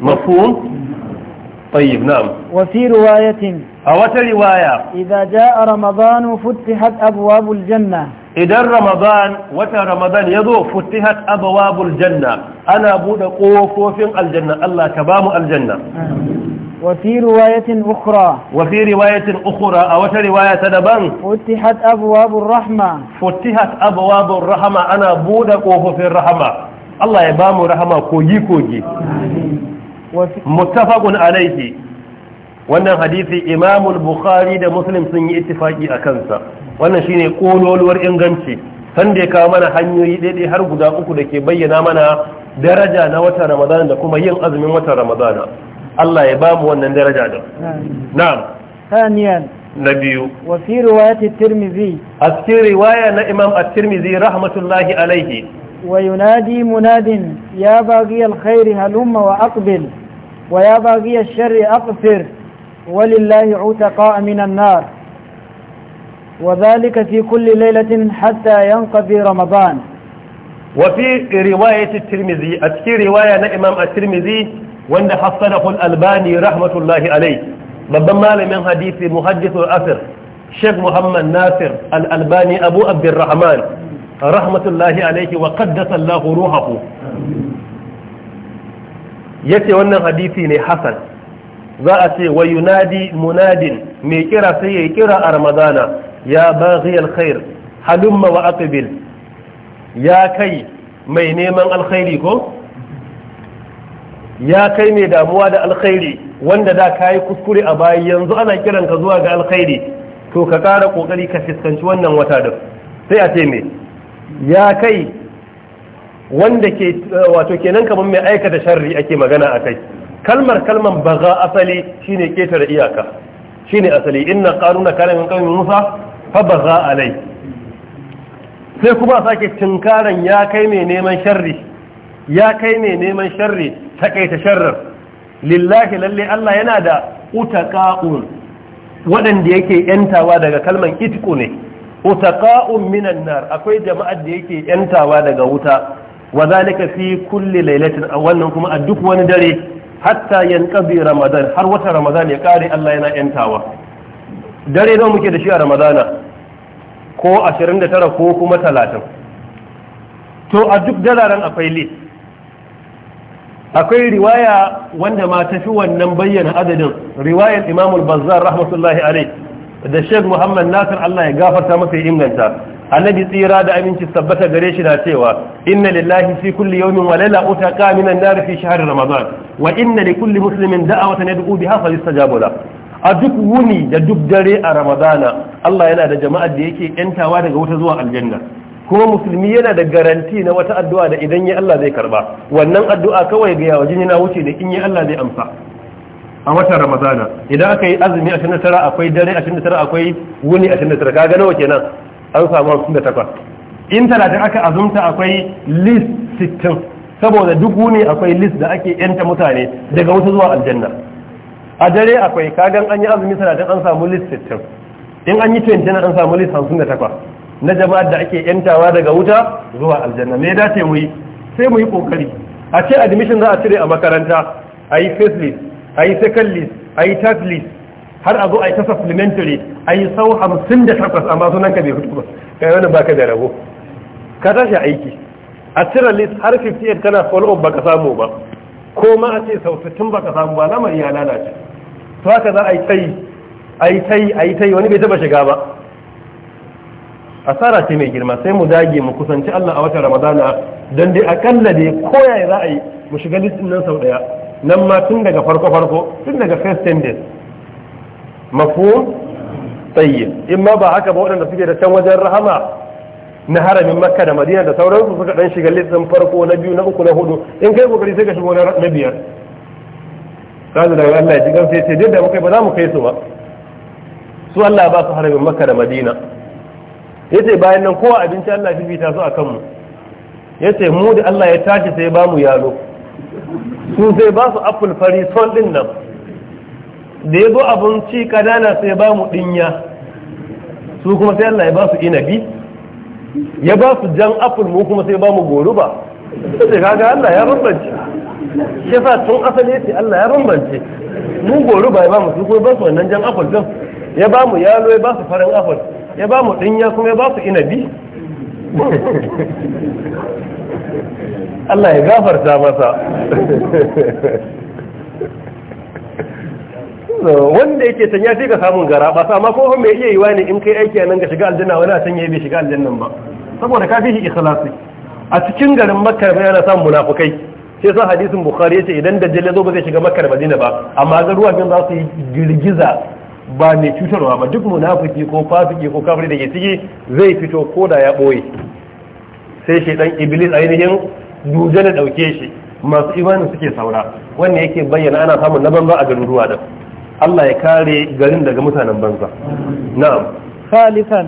mafhum طيب نعم وفي رواية أو رواية إذا جاء رمضان فتحت أبواب الجنة إذا رمضان وتا رمضان يضو فتحت أبواب الجنة أنا أبود قوف وفين الجنة الله كبام الجنة وفي رواية أخرى وفي رواية أخرى أو رواية دبان فتحت أبواب الرحمة فتحت أبواب الرحمة أنا بودك وفي الرحمة الله يبام رحمة كوجي كوجي متفق عليه wannan hadithi imamul bukhari da muslim sun yi ittifaki a kansa wannan shine kololuwar inganci sanda ya kawo mana hanyoyi daidai har guda uku da ke bayyana mana daraja na watan ramadana da kuma yin azumin watan ramadana الله يبام وانا درجة نعم نعم ثانيا نبيو وفي رواية الترمذي في رواية امام الترمذي رحمة الله عليه وينادي مناد يا باقي الخير هلوم واقبل ويا باقي الشر اقفر ولله عتقاء من النار وذلك في كل ليلة حتى ينقضي رمضان وفي رواية الترمذي أذكر رواية إمام الترمذي wanda hassanahul albani rahmatullahi alai babban malamin hadisi muhaddisul asir sheikh muhammad nasir al-albani abu abdurrahman rahmatullahi alaihi wa qaddasa allahu ruhahu yace wannan hadisi ne hasan za a ce wa yunadi munadin mai kira sai yayi kira a ramadana ya baghi alkhair halumma wa aqbil ya kai mai neman alkhairi ko ya kai mai damuwa da alkhairi wanda da kayi kuskure a baya yanzu ana kiran ka zuwa ga alkhairi to ka kara kokari ka fiskanci wannan wata din sai a ce me ya kai wanda ke wato kenan kamar mai aikata sharri ake magana a kai kalmar kalman baga asali shine ketare iyaka shine asali inna qaruna kana min qaumi musa fa baga alai sai kuma sake tinkaran ya kai mai neman sharri ya kai mai neman sharri taƙaita sharrar lillahi lalle Allah yana da utaqa'un waɗanda yake yantawa daga kalman itqu ne utaqa'un minan nar akwai jama'ar da yake yantawa daga wuta wa zalika fi kulli lailatin a wannan kuma a duk wani dare hatta yanqadi ramadan har wata ramadan ya kare Allah yana yantawa dare nawa muke da shi a ramadana ko 29 ko kuma 30 to a duk dalaran akwai list akwai riwaya wanda ma fi wannan bayyana adadin riwayar imam al-bazzar rahmatullahi alai da sheikh muhammad nasir allah ya gafarta masa ya inganta annabi tsira da aminci tabbata gare shi na cewa inna lillahi fi kulli yawmin wa laila utaqa min an-nar fi shahr ramadan wa inna li kulli muslimin da'watan yad'u biha fa yustajabu la a duk wuni da duk dare a ramadana allah yana da jama'ar da yake yantawa daga wuta zuwa aljanna kuma musulmi yana da garanti na wata addu'a da idan ya Allah zai karba wannan addu'a kawai ga yawa jini na wuce da in ya Allah zai amsa a watan ramadana idan aka yi azumi tara, akwai dare tara, akwai wuni tara, kaga nawa kenan an samu 58 in talatin aka azumta akwai list 60 saboda duk wuni akwai list da ake yanta mutane daga wata zuwa aljanna a dare akwai kagan an yi azumi 30 an samu list 60 in an yi 20 an samu list 58 na jama'ar da ake yantawa daga wuta zuwa aljanna me da mu yi sai mu yi kokari a ce admission za a cire a makaranta a yi first list a yi second list a yi third list har a zo a yi ta supplementary a yi sau hamsin da takwas amma sunan ka bai fito ba kai wani baka da rabo ka tashi aiki a cire list har 58 kana follow up baka samu ba ko ma a ce sau 60 baka samu ba lamari ya lalace to haka za a yi tai a yi tai a yi tai wani bai taba shiga ba asara ce mai girma sai mu dage mu kusanci Allah a watan Ramadana dan dai akalla dai koyaye za a yi mu shiga listin nan sau daya nan ma tun daga farko farko tun daga first ten days mafhum tayyib in ma ba haka ba waɗanda suke da can wajen rahama na haramin makka da madina da sauransu suka dan shiga listin farko na biyu na uku na hudu in kai kokari sai ka shigo na biyar kaza da Allah ya ji gan sai sai da muka ba za mu kai su ba su Allah ba su haramin makka da madina yace bayan nan kowa abinci Allah fi bita su kanmu ya yace mu da Allah ya tashi sai ba mu yalo su sai ba su apple fari son din nan da ya zo abinci kadana sai ba mu dinya su kuma sai Allah ya ba su inabi ya ba su jan apple mu kuma sai ba mu goruba sai kaga Allah ya bambance ya yasa tun asali yace Allah ya bambance mu goruba ya ba mu su kuma ba su wannan jan apple din ya ba mu yalo ya ba su farin apple ya ba mu ɗin ya kuma ya ba su inabi Allah ya gafarta masa wanda yake can ya fi ka samun gara ba sama ko mai iya yi ne in kai aiki a nan ga shiga aljanna wani a can ya bai shiga aljannan ba saboda ka fi shi ikhlasi a cikin garin makka mai yana samun munafukai sai sa hadisin bukhari ce idan da ya zo ba zai shiga makka da madina ba amma garuwa bin za su yi girgiza ba mai cutarwa ba duk munafiki ko fasiki ko kafiri da ke ciki zai fito ko da ya boye sai shaidan iblis ainihin duje da dauke shi masu imanin suke saura wanda yake bayyana ana samun na banza a garin ruwa da Allah ya kare garin daga mutanen banza na'am salisan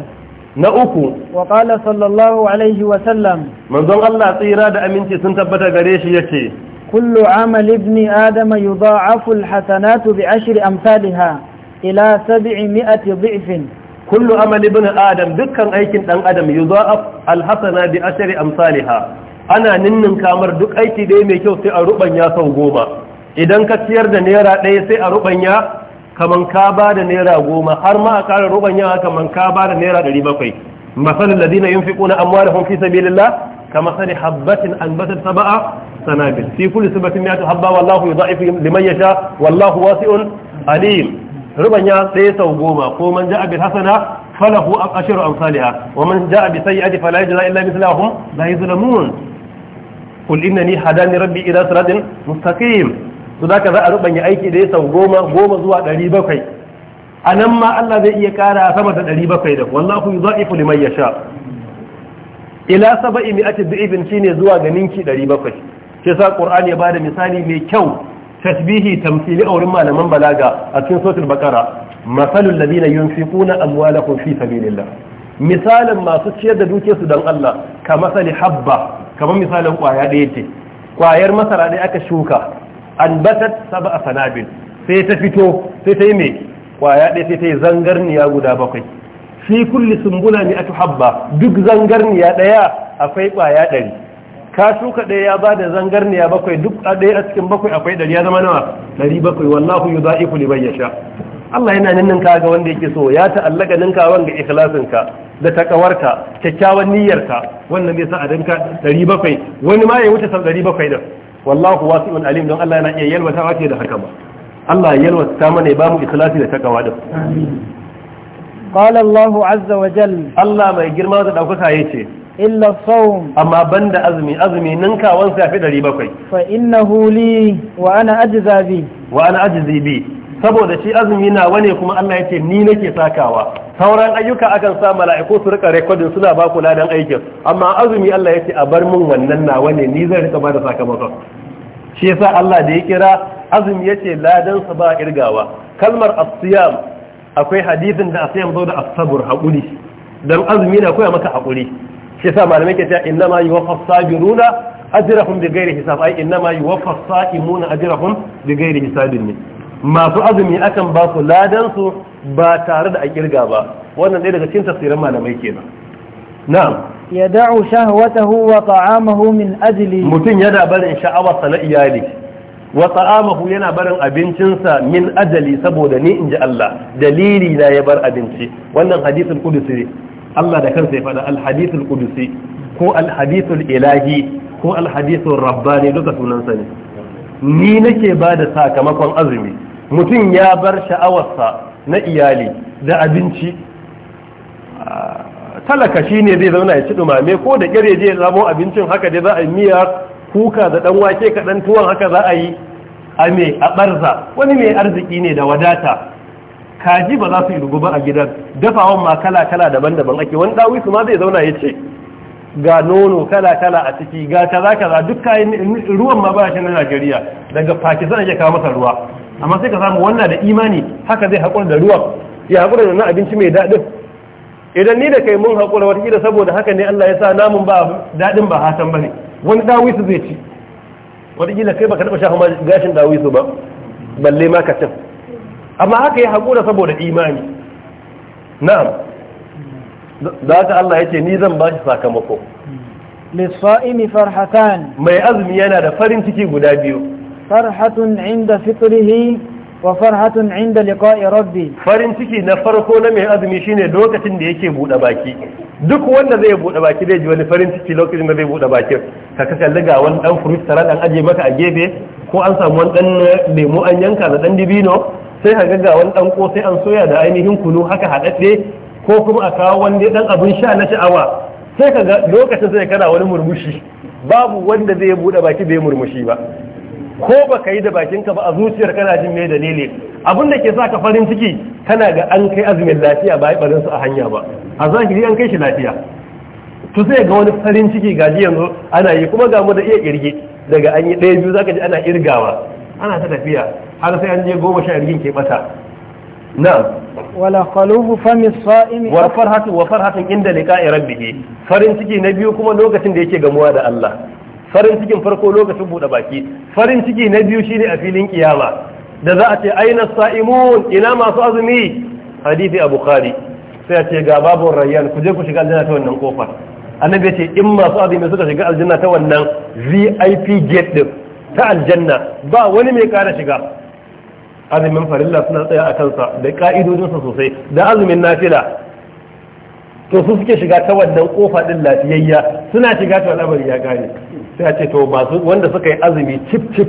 na uku wa qala sallallahu alaihi wa sallam manzon Allah tsira da aminci sun tabbata gare shi yace kullu amal ibni adama yudha'afu alhasanatu bi ashri amsalha ila sab'i mi'ati dhi'fin kullu amali ibn adam dukkan aikin dan adam yudha'af alhasana bi ashri amsalha ana ninnin kamar duk aiki da mai kyau sai a rubanya sau goma idan ka ciyar da naira ɗaya sai a rubanya kaman ka ba da naira goma har ma a ƙara rubanya kaman ka ba da naira ɗari bakwai masalin ladina yin fiƙuna amma da hunfi sabilillah ka masali habbatin an saba'a sanabil fi kulli sabatin ya ta habba wallahu ya liman yasha wallahu wasi'un alim rubanya sai sau goma ko man ja'a bil hasana falahu ashru amsalha wa man ja'a bi sayyi'ati fala yajza illa mithlahum la yuzlamun qul innani hadani rabbi ila siratin mustaqim to zaka za a rubanya aiki da sau goma goma zuwa 700 anan ma Allah zai iya kara sama da 700 da wallahu yudha'ifu liman yasha ila saba'i mi'ati dhibin shine zuwa ga ninki 700 shi sa qur'ani ya bada misali mai kyau tasbihi tamthili a wurin malaman balaga a cikin suratul baqara masalul ladina yunfiquna amwalahum fi sabilillah misalin masu ciyar da dukiyarsu don Allah ka masali habba kamar misalin kwaya ɗaya ce Ƙwayar masara ne aka shuka an batat saba a sanabil sai ta fito sai ta yi mai ƙwaya ɗaya sai ta yi zangarniya guda bakwai fi kulli sumbula ne aka habba duk zangarniya ɗaya akwai kwaya ɗari ka shuka ɗaya ya ba da zangarniya bakwai duk a ɗaya a cikin bakwai akwai ɗari ya zama nawa ɗari bakwai wallahu yu za'iku liman yasha Allah yana ninninka ga wanda yake so ya ta'allaka ninka wanga ikhlasinka da takawarka kyakkyawan niyyarka wannan zai sa a danka bakwai. wani ma ya wuce sau 700 din wallahu wasi'un alim don Allah yana iya yalwata wace da haka ba Allah ya yalwata mana ya bamu ikhlasi da takawa din قال الله عز وجل الله ما يجرما da daukaka yace illa sawm amma banda azmi azmi ninka wansa yafi 700 fa innahu li wa ana ajza bi wa ana ajzi bi saboda shi azumi na wane kuma Allah yace ni nake sakawa sauran ayyuka akan sa mala'iku su rika rekodin suna ba ku ladan aikin amma azumi Allah yace a bar mun wannan na wane ni zan rika da sakamakon shi yasa Allah da ya kira azumi yace ladan sa ba irgawa kalmar as akwai hadisin da sai zo da asabur haƙuri dan azumi na koya maka haƙuri shi yasa malamai ke cewa inna ma yuwaffas sabiruna ajrahum bi ghairi hisab ai inna ma yuwaffas saimuna ajrahum bi ghairi hisabin ne masu azumi akan ba su ladan su ba tare da a kirga ba wannan ɗaya daga cikin tafsirin malamai kenan na'am yada'u shahwatahu wa ta'amahu min ajli mutun yana barin sha'awarsa na iyali wa ta'amahu yana barin abincinsa min ajali saboda ni in ji Allah dalili na ya bar abinci wannan hadithul qudusi Allah da kansa ya faɗa al hadithul qudusi ko al hadithul ilahi ko al hadisul rabbani duka sunansa ne ni nake bada sakamakon azumi mutum ya bar sha'awarsa na iyali da abinci talaka shine zai zauna ya ci dumame ko da kyare je ya abincin haka dai za a yi miya kuka da dan wake kaɗan tuwon haka za a yi a me a barza wani mai arziki ne da wadata kaji ba za su yi ba a gidan dafawan ma kala kala daban-daban ake wani dawi su ma zai zauna ya ce ga nono kala kala a ciki ga kaza kaza duk kayan ruwan ma ba shi na Najeriya daga Pakistan ake kawo masa ruwa amma sai ka samu wannan da imani haka zai haƙura da ruwan ya haƙura da na abinci mai daɗin idan ni da kai mun haƙura wata saboda haka ne Allah ya sa namun ba daɗin ba hatan ba ne wani dawisu zai ci wataƙila kai baka taɓa shafa gashin dawisu ba balle ma ka cin amma haka ya haƙura saboda imani na'am da haka Allah ya ce ni zan ba shi sakamako lissa'imi farhatan mai azumi yana da farin ciki guda biyu farhatun inda fitrihi wa farhatun inda liqa'i rabbi farin ciki na farko na mai azumi shine lokacin da yake bude baki duk wanda zai bude baki zai ji wani farin ciki lokacin da zai bude bakin ka ka kalli ga wani dan fruit salad an aje maka a gefe ko an samu wani dan lemo an yanka da dan dibino sai kaga ga wani dan kosai an soya da ainihin kunu haka hadadde ko kuma a kawo wani dan abin sha na sha'awa sai ka ga lokacin sai wani murmushi babu wanda zai bude baki bai murmushi ba ko ba ka yi da bakinka ba a zuciyar kana jin mai dalili abin da ke sa ka farin ciki kana ga an kai azumin lafiya ba barin su a hanya ba a zahiri an kai shi lafiya to sai ga wani farin ciki gaji yanzu ana yi kuma ga mu da iya irge daga an yi ɗaya biyu zaka ji ana irgawa ana ta tafiya har sai an je goma sha irgin ke bata na wala qalubu fami sa'imi wa farhatu wa farhatu inda liqa'i rabbih farin ciki na biyu kuma lokacin da yake gamuwa da Allah farin cikin farko lokacin buɗe baki farin ciki na biyu shine a filin kiyama da za a ce aina sa'imun ina masu azumi hadisi abu khari sai a ce ga babu rayyan ku je ku shiga aljanna ta wannan kofar annabi ce in masu azumi suka shiga aljanna ta wannan VIP gate din ta aljanna ba wani mai kara shiga azumin farilla suna tsaya a kansa da ka'idodinsa sosai da azumin nafila to su suke shiga ta wannan kofa din lafiyayya suna shiga ta al'amari ya gane sai a ce to masu wanda suka yi azumi chip chip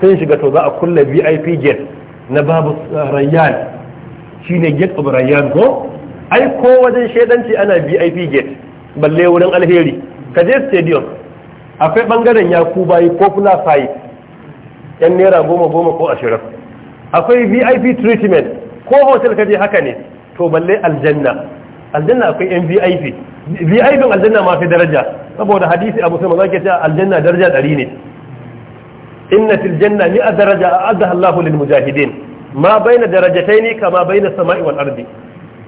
sun shiga to za a kulle vip gate na babu uh, rayyan shine gate of rayyan ko ai ko wajen shaidanci ana vip gate balle wurin alheri ka je stadium akwai bangaren ya ku bayi ko kula yan naira goma goma ko ashirin akwai vip treatment ko hotel ka haka ne to balle aljanna aljanna akwai yan vip vip aljanna ma fi daraja saboda hadisi abu sai maza ke cewa aljanna daraja ɗari ne inna fil janna mi'a daraja a'adda Allahu lil mujahidin ma baina darajataini kama baina sama'i wal ardi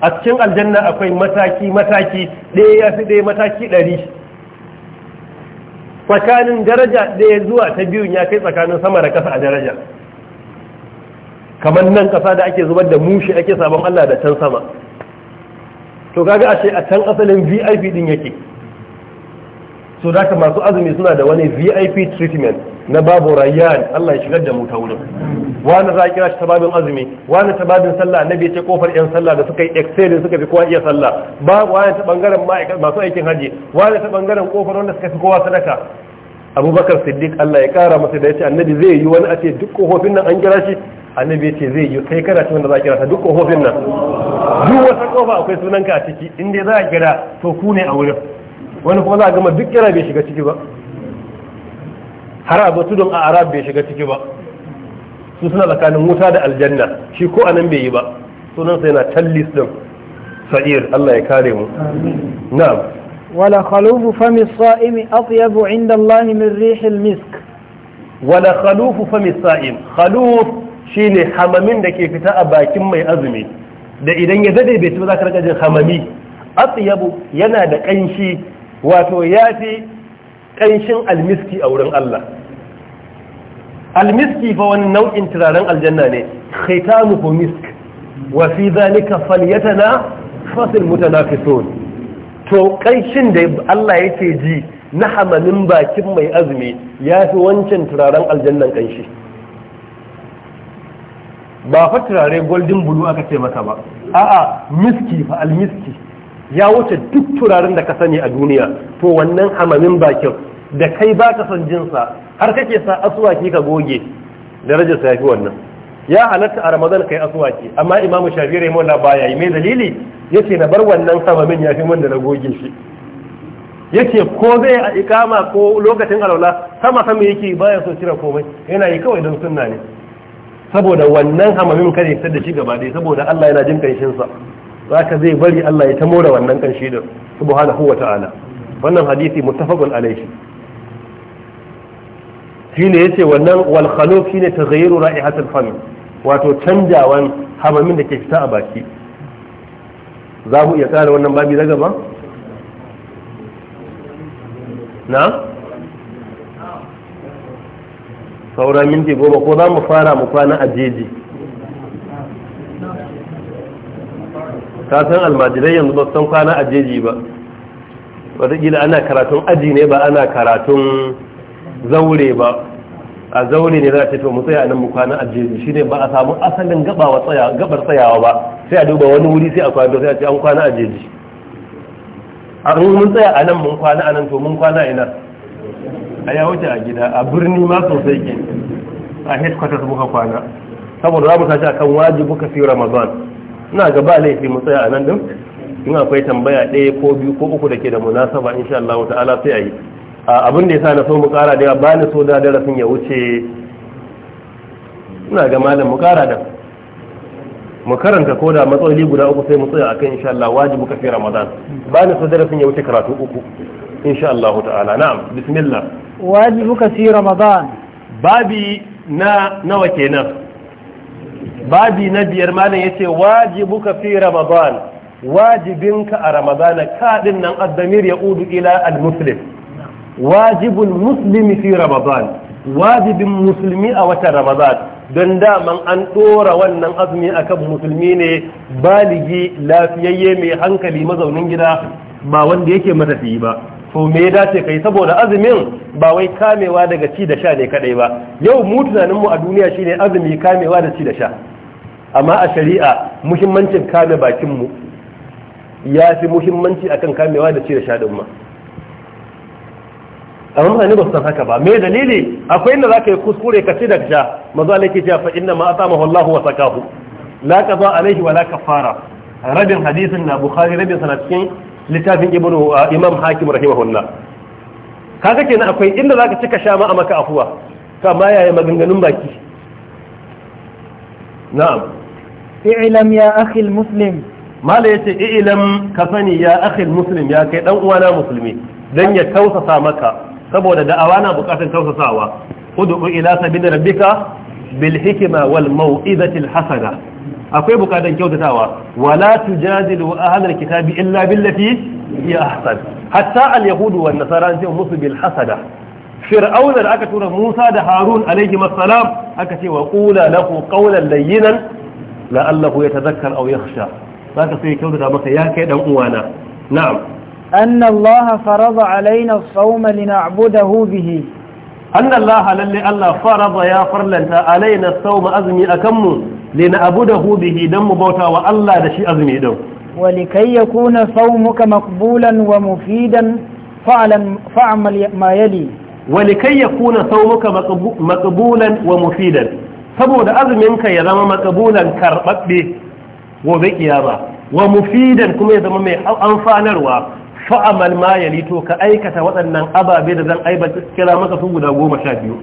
a cikin aljanna akwai mataki mataki ɗaya ya fi ɗaya mataki ɗari tsakanin daraja ɗaya zuwa ta biyun ya kai tsakanin sama da ƙasa a daraja kamar nan ƙasa da ake zubar da mushi ake sabon Allah da can sama to gaga a ce a can asalin vip din yake so da ka masu azumi suna da wani vip treatment na babu rayyan allah ya shigar da mu ta wurin wani za a kira shi tababin azumi wani tababin sallah na ya ce kofar yan sallah da suka yi excelling suka fi kowa iya sallah ba wani ta bangaren masu aikin haji wani ta bangaren kofar wanda suka fi kowa sadaka abubakar siddiq allah ya kara masa da ya ce annabi zai yi wani a ce duk kofofin nan an kira shi annabi ce zai yi kai kana cikin da za a kira ta duk kofofin nan duk wata kofa akwai sunanka a ciki in dai za a kira to ku ne a wurin wani kuma za a gama duk kira bai shiga ciki ba har a tudun a arab bai shiga ciki ba su suna tsakanin wuta da aljanna shi ko anan bai yi ba sunansa yana tallis din sa'ir Allah ya kare mu na'am wala khalufu fami sa'imi atyabu inda Allah min rihil misk wala khalufu fami sa'im khaluf shine hamamin da ke fita a bakin mai azumi da idan ya dade bai ci za ka jin hamami atyabu yana da kanshi wato ya fi kanshin almiski a wurin Allah almiski fa wani nau'in turaren aljanna ne khitamuhu misk wa fi dhalika falyatana fasil mutanafisun to kanshin da Allah yake ji na hamamin bakin mai azumi ya fi wancan turaren aljannan kanshi ba fa turare golden blue aka ce masa ba a'a miski fa almiski ya wuce duk turaren da ka sani a duniya to wannan hamamin bakin da kai ba ka son jinsa har kake sa asuwaki ka goge darajar sa yafi wannan ya halatta a ramadan kai asuwaki amma imamu shafi ba ya yi mai dalili yace na bar wannan hamamin ya fi da na goge shi yace ko zai a ikama ko lokacin alwala sama sama yake baya so cire komai yana yi kawai don sunna ne saboda wannan hamamin kare ya da shi gaba dai saboda Allah yana jin kanshin sa zaka zai bari Allah ya ta more wannan kanshi din subhanahu wata'ala wannan hadisi muttafaqun shi ne yace wannan wal khaluq shine taghayyuru ra'ihat al fam wato canjawan hamamin da ke fita a baki za mu iya tsara wannan babi na gaba na saura minti goma ko za mu fara mu kwana a jeji ka san almajirai yanzu ba san kwana a jeji ba wataƙila ana karatun aji ne ba ana karatun zaure ba a zaure ne za a ce to mu tsaya nan mu kwana a jeji shi ne ba a samu asalin gabar tsayawa ba sai a duba wani wuri sai a kwana sai a ce an kwana a jeji a mun tsaya a nan mun kwana a nan to mun kwana ina a ya wuce a gida a birni ma sosai ke a headquarters muka kwana saboda za mu tashi akan wajibu ka fi ramadan ina ga ba laifi mu tsaya a nan din in akwai tambaya ɗaya ko biyu ko uku da ke da munasaba insha Allah ta'ala sai a yi abin da yasa na so mu kara da ba ni so da darasin ya wuce ina ga malam mu kara da mu karanta ko da matsaloli guda uku sai mu tsaya akan insha Allah wajibu ka fi ramadan ba ni so darasin ya wuce karatu uku insha Allah ta'ala na'am bismillah wajibuka fi ramadan babi na nawa kenan babi na biyar malam yace wajibuka fi ramadan wajibinka a ramadana kaɗin nan addamir ya udu ila al-muslim. Wajibin muslimi fi ramadan wajibin musulmi a watan ramadan don daman an ɗora wannan azumi akan musulmi ne baligi lafiyayye mai hankali mazaunin gida ba wanda yake matafiyi ba to me ya dace kai saboda azumin ba wai kamewa daga ci da sha ne kadai ba yau mu tunanin mu a duniya shine azumi kamewa da ci da sha amma a shari'a muhimmancin kame bakin mu ya fi muhimmanci akan kamewa da ci da sha din ma amma mutane ba su san haka ba me dalili akwai inda zaka yi kuskure ka ci da sha maza Allah yake fa inna ma atamahu Allahu wa sakahu la qada alayhi wa la kafara rabin hadisin na bukhari rabin sanatin littafin ibnu uh, imam hakim rahimahullah kaga kenan akwai inda zaka cika sha ma a maka afuwa to amma yaya maganganun baki na'am i'lam ya akhi muslim mala yace i'lam ka sani ya akhi muslim ya kai dan uwana musulmi dan ya tausasa maka saboda da'awa na bukatun tausasawa ud'u ila sabili rabbika bil hikma wal mau'izati al hasana akwai bukatan kyautatawa wala tujadilu ahlal kitabi illa billati ya ahsan hatta al yahudu wan nasara sai musu bil hasada fir'auna da aka tura Musa da Harun alaihi assalam aka ce wa qula lahu qawlan layyinan la'allahu yatadhakkar aw yakhsha zaka sai kyautata masa ya kai dan uwana na'am أن الله alaina علينا الصوم لنعبده به anna laha lalle Allah farada ya farlanta alaina azumi a sawma azmi akanmu lina'budahu bihi dan mu bauta wa Allah da shi azmi din wa likay yakuna sawmuka maqbulan wa mufidan fa'lan fa'mal ma yali wa likay yakuna sawmuka maqbulan wa mufidan saboda azuminka ya zama maqbulan karbabbe gobe kiyama wa mufidan kuma ya zama mai amfanarwa fa'amal ma ya to ka aikata waɗannan ababe da zan aibata kira maka su guda goma sha biyu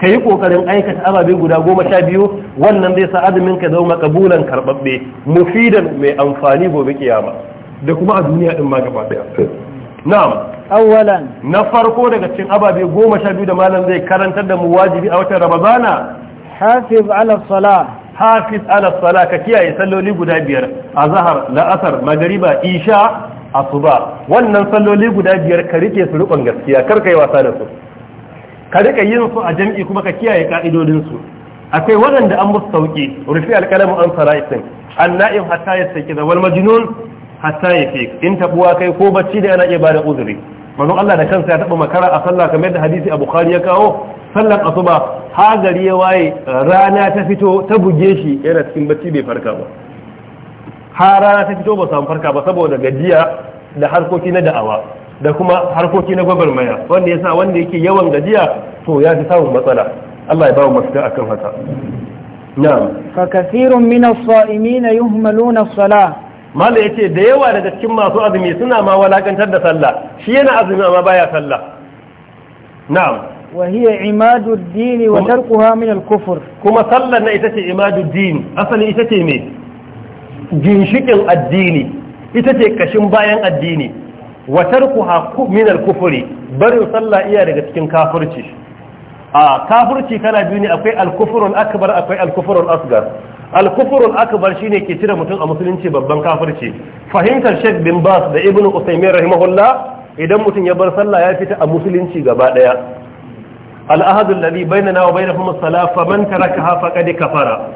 ka yi ƙoƙarin aikata ababe guda goma sha biyu wannan zai sa azumin ka zama ƙabulan karɓaɓɓe mufidan mai amfani gobe kiyama da kuma a duniya ɗin ma gaba ɗaya na'am awwalan na farko daga cikin ababe goma sha biyu da malam zai karantar da mu wajibi a watan ramadana hafiz ala hafiz ala sala ka kiyaye salloli guda biyar a zahar la'asar magariba isha asuba wannan salloli guda biyar ka rike su rikon gaskiya kar ka yi wasa da su ka rika yin su a jam'i kuma ka kiyaye ka'idodin su akwai waɗanda an musu sauki rufi alƙalamu an sara'isin anna'im hatta ya saki da majinun hatta ya fi in tabuwa kai ko bacci da yana iya ba da uzuri manzon Allah da kansa ya taba makara a sallah kamar yadda hadisi a ya kawo sallar asuba hagari ya waye rana ta fito ta buge shi yana cikin bacci bai farka ba har rana ta fito ba samu farka ba saboda gajiya da harkoki na da'awa da kuma harkoki na gwagwarmaya wanda yasa wanda yake yawan gajiya to ya fi samun matsala Allah ya ba mu mafita akan haka na'am fa kathirun min as-sa'imin yuhmaluna as-salah mala yace da yawa daga cikin masu azumi suna ma walakantar da sallah shi yana azumi amma baya sallah na'am wa hiya imadu ad-din wa tarkuha min al-kufr kuma sallar na ita ce imadu ad-din asali ita ce me ginshikin addini ita ce kashin bayan addini wa tarkuha min al-kufri barin sallah iya daga cikin kafirci a kafirci kana biyu ne akwai al akbar akwai al-kufrul asghar al-kufrul akbar shine ke cire mutum a musulunci babban kafirci fahimtar shek bin Bas da Ibn Rahima rahimahullah idan mutum ya bar sallah ya fita a musulunci gaba daya al-ahadu alladhi bainana wa bainahum as-salah faman tarakaha faqad kafara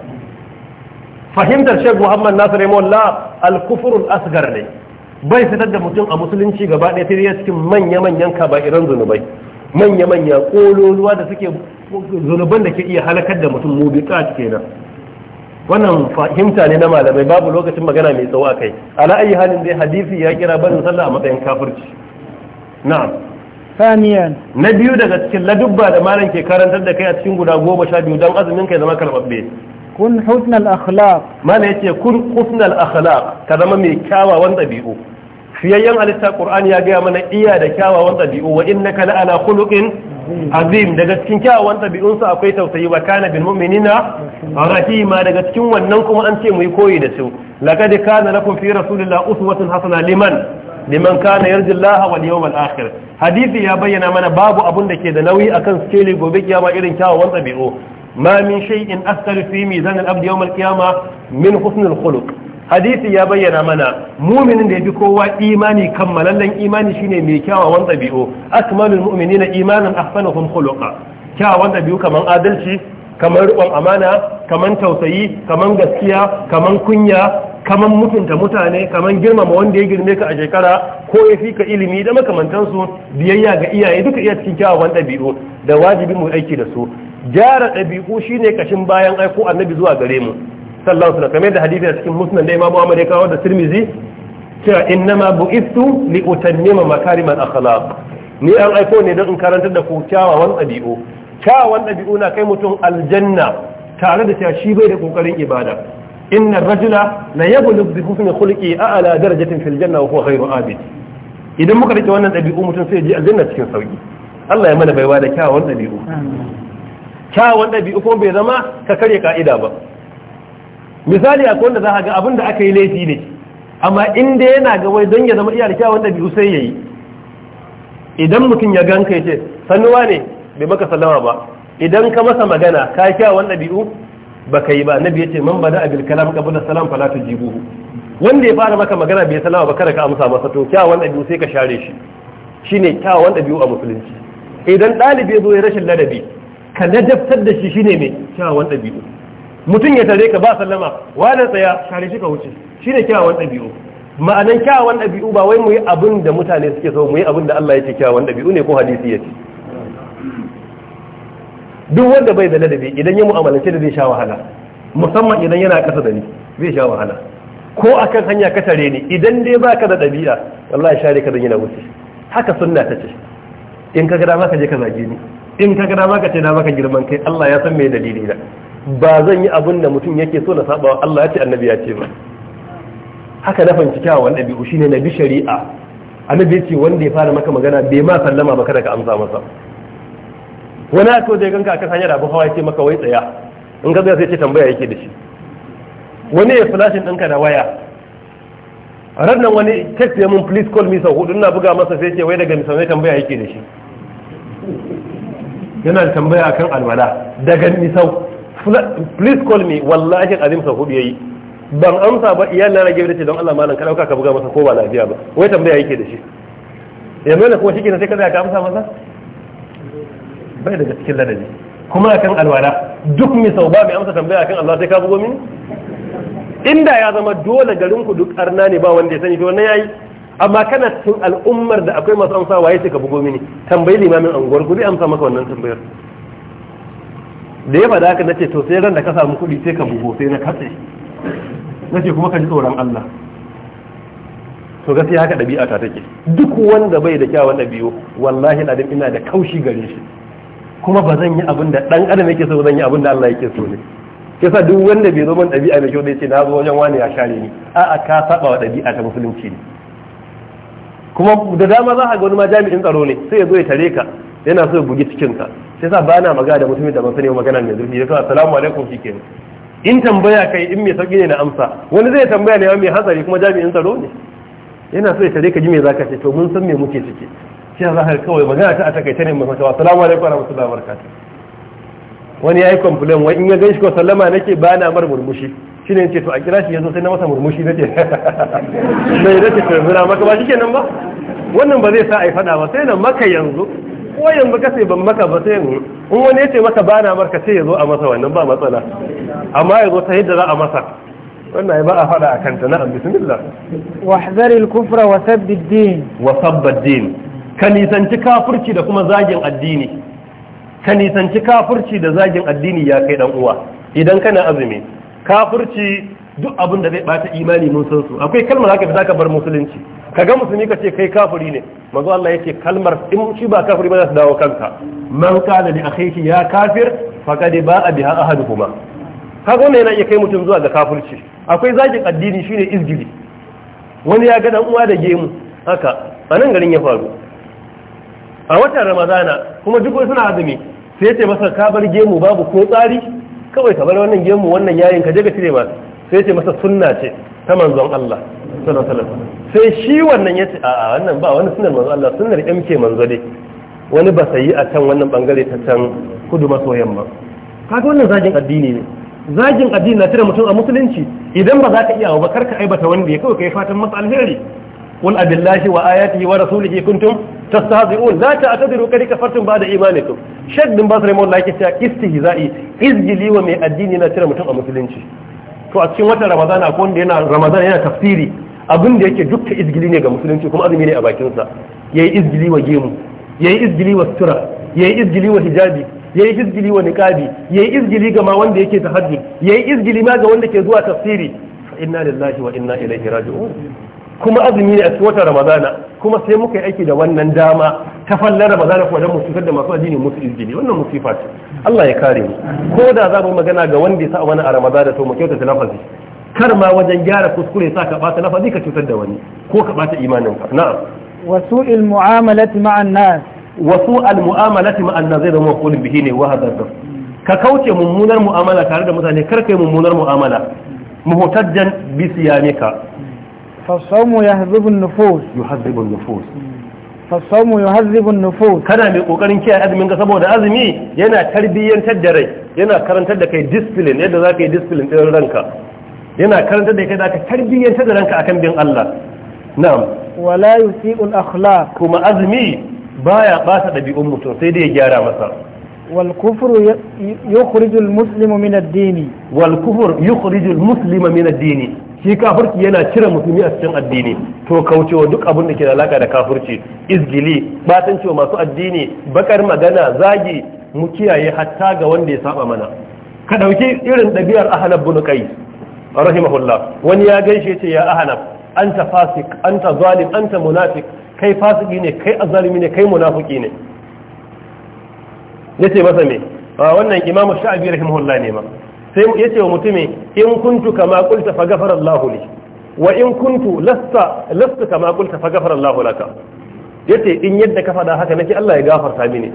fahimtar Sheikh Muhammad Nasir Rahimahullah al-kufrul asgar ne bai fitar da mutum a musulunci gaba ɗaya sai cikin manya-manyan kaba'iran zunubai manya-manya ƙololuwa da suke zunuban da ke iya halakar da mutum mubiqat kenan wannan fahimta ne na malamai babu lokacin magana mai tsawo kai ala ayi halin dai hadisi ya kira barin sallah a matsayin kafirci na'am saniyan na biyu daga cikin ladubba da malam ke karantar da kai a cikin guda goma sha biyu don azumin kai zama karɓaɓɓe kun husnal akhlaq mana yace kun husnal akhlaq ka zama mai kyawawan dabi'u fiyayyen halitta qur'ani ya gaya mana iya da kyawawan dabi'u wa innaka la ala khuluqin azim daga cikin kyawawan su akwai tausayi wa kana bil mu'minina rahima daga cikin wannan kuma an ce mu koyi da su laqad kana lakum fi rasulillahi uswatun hasana liman liman kana yarji Allah wal yawmal akhir hadisi ya bayyana mana babu abun da ke da nauyi akan skeli gobe kiyama irin kyawawan dabi'u ma min shay'in askar fi mizan al-abd yawm al-qiyamah min husn al-khuluq hadisi ya bayyana mana muminin da ya fi kowa imani kammalallen imani shine mai kyawawan ɗabi'u akmalul mu'minina imanan ahsanahum khuluqa kyawawan ɗabi'u kaman adalci kaman riƙon amana kaman tausayi kaman gaskiya kaman kunya kaman mutunta mutane kaman girmama wanda ya girme ka a shekara ko ya fi ka ilimi da makamantansu biyayya ga iyaye duka iya cikin kyawawan ɗabi'u da wajibi mu aiki da su gyara ɗabi'u shine kashin bayan aiko annabi zuwa gare mu sallallahu alaihi wasallam da hadisi a cikin musnad da imamu Ahmad ya kawo da Tirmidhi cewa innama bu'istu li utammima al akhlaq ni an aiko ne don in karantar da ku kyawawan ɗabi'u kyawawan ɗabi'u na kai mutum aljanna tare da cewa shi bai da kokarin ibada inna na la yablugh bi husni khuluqi a'la darajatin fil janna wa huwa ghayru idan muka rike wannan dabi'u mutum sai ya je aljanna cikin sauki Allah ya mana baiwa da kyawawan dabi'u kyawawan dabi'u ko bai zama ka karya ka'ida ba misali akwai wanda za ka ga abin da aka yi laifi ne amma inda yana ga wai don ya zama iya da kyawun ɗabi'u sai ya yi idan mutum ya gan kai ce sannuwa ne bai baka sallama ba idan ka masa magana ka kyawawan ɗabi'u baka yi ba nabi yace man bada abil kalam qabla salam fala tujibuhu wanda ya fara maka magana bai salama ba kada ka amsa masa to wanda ɗabi'u sai ka share shi shine wanda ɗabi'u a musulunci idan ɗalibi zo ya rashin ladabi ka ladabtar da shi shine kya wanda ɗabi'u mutum ya tare ka ba sallama wani tsaya share shi ka wuce shine wanda ɗabi'u ma'anan wanda ɗabi'u ba wai mu yi abin da mutane suke so mu yi abin da Allah yake wanda ɗabi'u ne ko hadisi yake duk wanda bai da ladabi idan ya mu'amalance da zai sha wahala musamman idan yana kasa da ni zai sha wahala ko akan hanya ka tare ni idan dai baka da ɗabi'a wallahi share ka da yana wuce haka sunna ta ce in ka gada maka je ka zage ni in ka gada maka ce na maka girman kai Allah ya san me dalili da ba zan yi abin da mutum yake so na saba wa Allah ya ce annabi ya ce ba haka na fahimci kyawun ɗabi'u shine na bi shari'a annabi ya ce wanda ya fara maka magana bai ma sallama ba kada ka amsa masa wani a kawai zai ganka a kan hanyar abin hawa ce maka wai tsaya in ka zai sai ce tambaya yake da shi wani ya flashin ɗinka da waya a ranar wani text ya mun please call me sau hudu ina buga masa sai ce wai daga wai tambaya yake da shi yana da tambaya akan alwala daga misau please call me wallahi azim sau hudu yayi ban amsa ba iyalin na gebe da ce don Allah malam ka dauka ka buga masa ko ba lafiya ba wai tambaya yake da shi yanzu ne kuma shi kenan sai ka ka amsa masa bai daga cikin ladabi kuma akan alwala duk mai sau ba mai amsa tambaya akan Allah sai ka bugo mini inda ya zama dole garin ku duk arna ne ba wanda ya sani to wannan yayi amma kana cikin al'ummar da akwai masu amsa waye sai ka bugo mini tambayi limamin anguwar ku zai amsa maka wannan tambayar da ya faɗa haka nace to sai ran da ka samu kuɗi sai ka bugo sai na katse nace kuma ka ji tsoron Allah to gaskiya haka ɗabi'a ta take duk wanda bai da kyawun ɗabi'u wallahi ladin ina da kaushi gare shi kuma ba zan yi abin da dan adam yake so zan yi abin da Allah yake so ne kisa duk wanda bai zo man dabi'a mai kyau da yace na zo wajen wani ya share ni a'a ka saba wa dabi'a ta musulunci ne kuma da dama za ka ga wani ma jami'in tsaro ne sai ya zo ya tare ka yana so ya bugi cikin ka sai sa bana magana da mutumin da ban sani magana mai zurfi yasa assalamu alaikum shikenan in tambaya kai in mai sauki ne na amsa wani zai tambaya ne mai hatsari kuma jami'in tsaro ne yana so ya tare ka ji me zaka ce to mun san me muke ciki shi za ka kawai magana ta a takaita ne mai fatawa salamu alaikum wa rahmatullahi wa barakatuh wani yayi complain wai in ya gaishe ko sallama nake ba na mar murmushi shine yace to a kira shi yazo sai na masa murmushi nace mai *laughs* nace to zura maka ba shikenan ba wannan ba zai sa ai fada ba sai nan maka yanzu ko yanzu ka sai ban maka ba sai in wani yace maka ba na mar ka sai yazo a masa wannan ba matsala amma yazo ta yadda za a masa wannan ba a fada a kanta na bismillah wahzaril kufra wa sabbid din wa sabbad din ka nisanci kafurci da kuma zagin addini ka nisanci kafurci da zagin addini ya kai dan uwa idan kana azumi kafurci duk abin da zai bata imani mun san su akwai kalmar haka da ka bar musulunci ga musulmi ka ce kai kafiri ne manzo Allah yake kalmar in shi ba kafuri ba za su dawo kanka man kana li akhihi ya kafir faqad ba'a biha ahaduhuma kaga ne yana iya kai mutum zuwa ga kafurci akwai zagin addini shine izgili wani ya ga dan uwa da gemu haka anan garin ya faru a watan ramadana kuma duk wani suna azumi sai ce masa ka bar gemu babu ko tsari kawai ka bar wannan gemu wannan yayin ka je ka cire ba sai ce masa sunna ce ta manzon Allah sallallahu alaihi wasallam sai shi wannan ya ce a wannan ba wani sunnar manzon Allah sunnar MK manzo dai wani ba sai a can wannan bangare ta can kudu maso yamma kaga wannan zagin addini ne zagin addini na tare mutum a musulunci idan ba za ka iya ba karka aibata wanda ya kawai kai fatan masa alheri قل أب الله وآياته ورسوله كنتم تستهزئون لا تعتذروا كذلك فرتم بعد إيمانكم شد بصر مولا كتا استهزائي izgili wa mai addini na cire mutum a musulunci to a cikin watan رمضان هنا wanda yana ramadan yana tafsiri abin da yake dukka izgili ne ga musulunci kuma azumi ne a bakinsa yayi izgili wa gemu yayi izgili wa yayi izgili wa hijabi izgili wa niqabi yayi izgili ga ma wanda yake tahajjud yayi izgili ma ga wanda ke zuwa tafsiri inna lillahi wa inna ilaihi raji'un kuma azumi ne a cikin watan ramadana kuma sai muka yi aiki da wannan dama ta fallar ramadana kuma don mu cutar da masu addini musu izini wannan musifa ce Allah ya kare mu ko da za mu magana ga wanda ya sa wani a ramadana to mu ta lafazi kar ma wajen gyara kuskure sa ka bata lafazi ka cutar da wani ko ka bata imanin ka na'am wasu il mu'amalati ma'an nas wasu al mu'amalati ma'an nas zai zama mafulin bihi ne wa hadarda ka kauce mummunar mu'amala tare da mutane kar kai mummunar mu'amala muhtajjan bi siyamika fasamu ya hazibin nufus yuhazzibun nufus fasamu yuhazzibun nufus kana mai kokarin kiyaye azumin ka saboda azumi yana tarbiyyantar da rai yana karantar da kai discipline yadda zaka yi discipline din ranka yana karantar da kai zaka da ranka akan bin Allah na'am wala yusi'ul akhlaq kuma azumi baya bata ɗabi'un mutum sai dai ya gyara masa والكفر يخرج المسلم من الدين والكفر يخرج المسلم من الدين shi kafirci yana cire musulmi a cikin addini to kaucewa duk abin da ke da alaka da kafirci izgili batan cewa masu addini bakar magana zagi mu kiyaye hatta ga wanda ya saba mana ka dauki irin ɗabi'ar ahlab bin qais rahimahullah wani ya gaishe ce ya ahlab anta fasik anta zalim anta munafik kai fasiki ne kai azalimi ne kai munafiki ne yace masa me ah, wannan imamu sha'abi rahimahullah ne ma sai yace wa mutumi in kuntu kama qulta fa ghafara Allah li wa in kuntu lasta lasta kama qulta fa ghafara Allah laka yace in yadda ka fada haka nake Allah ya gafarta mini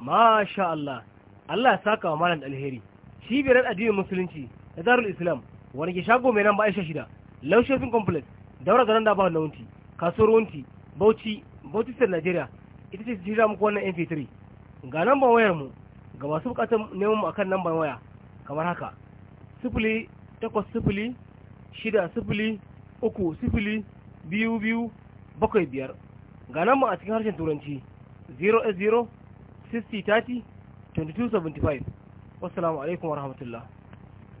masha Allah Allah ya saka wa malam alheri cibiyar addinin musulunci da darul islam wani ke shago mai nan ba aisha shida low shopping complex daura nan da ba na wunti kasuwar wunti bauchi bauchi sai nigeria ita ce jira muku wannan mp3 ga lambar wayar mu ga masu bukatar neman mu akan lambar waya kamar haka sifili takwas sifili shida uku biyu biyu biyar ga lambar a cikin harshen turanci 080 60 30 wassalamu alaikum warahmatullahi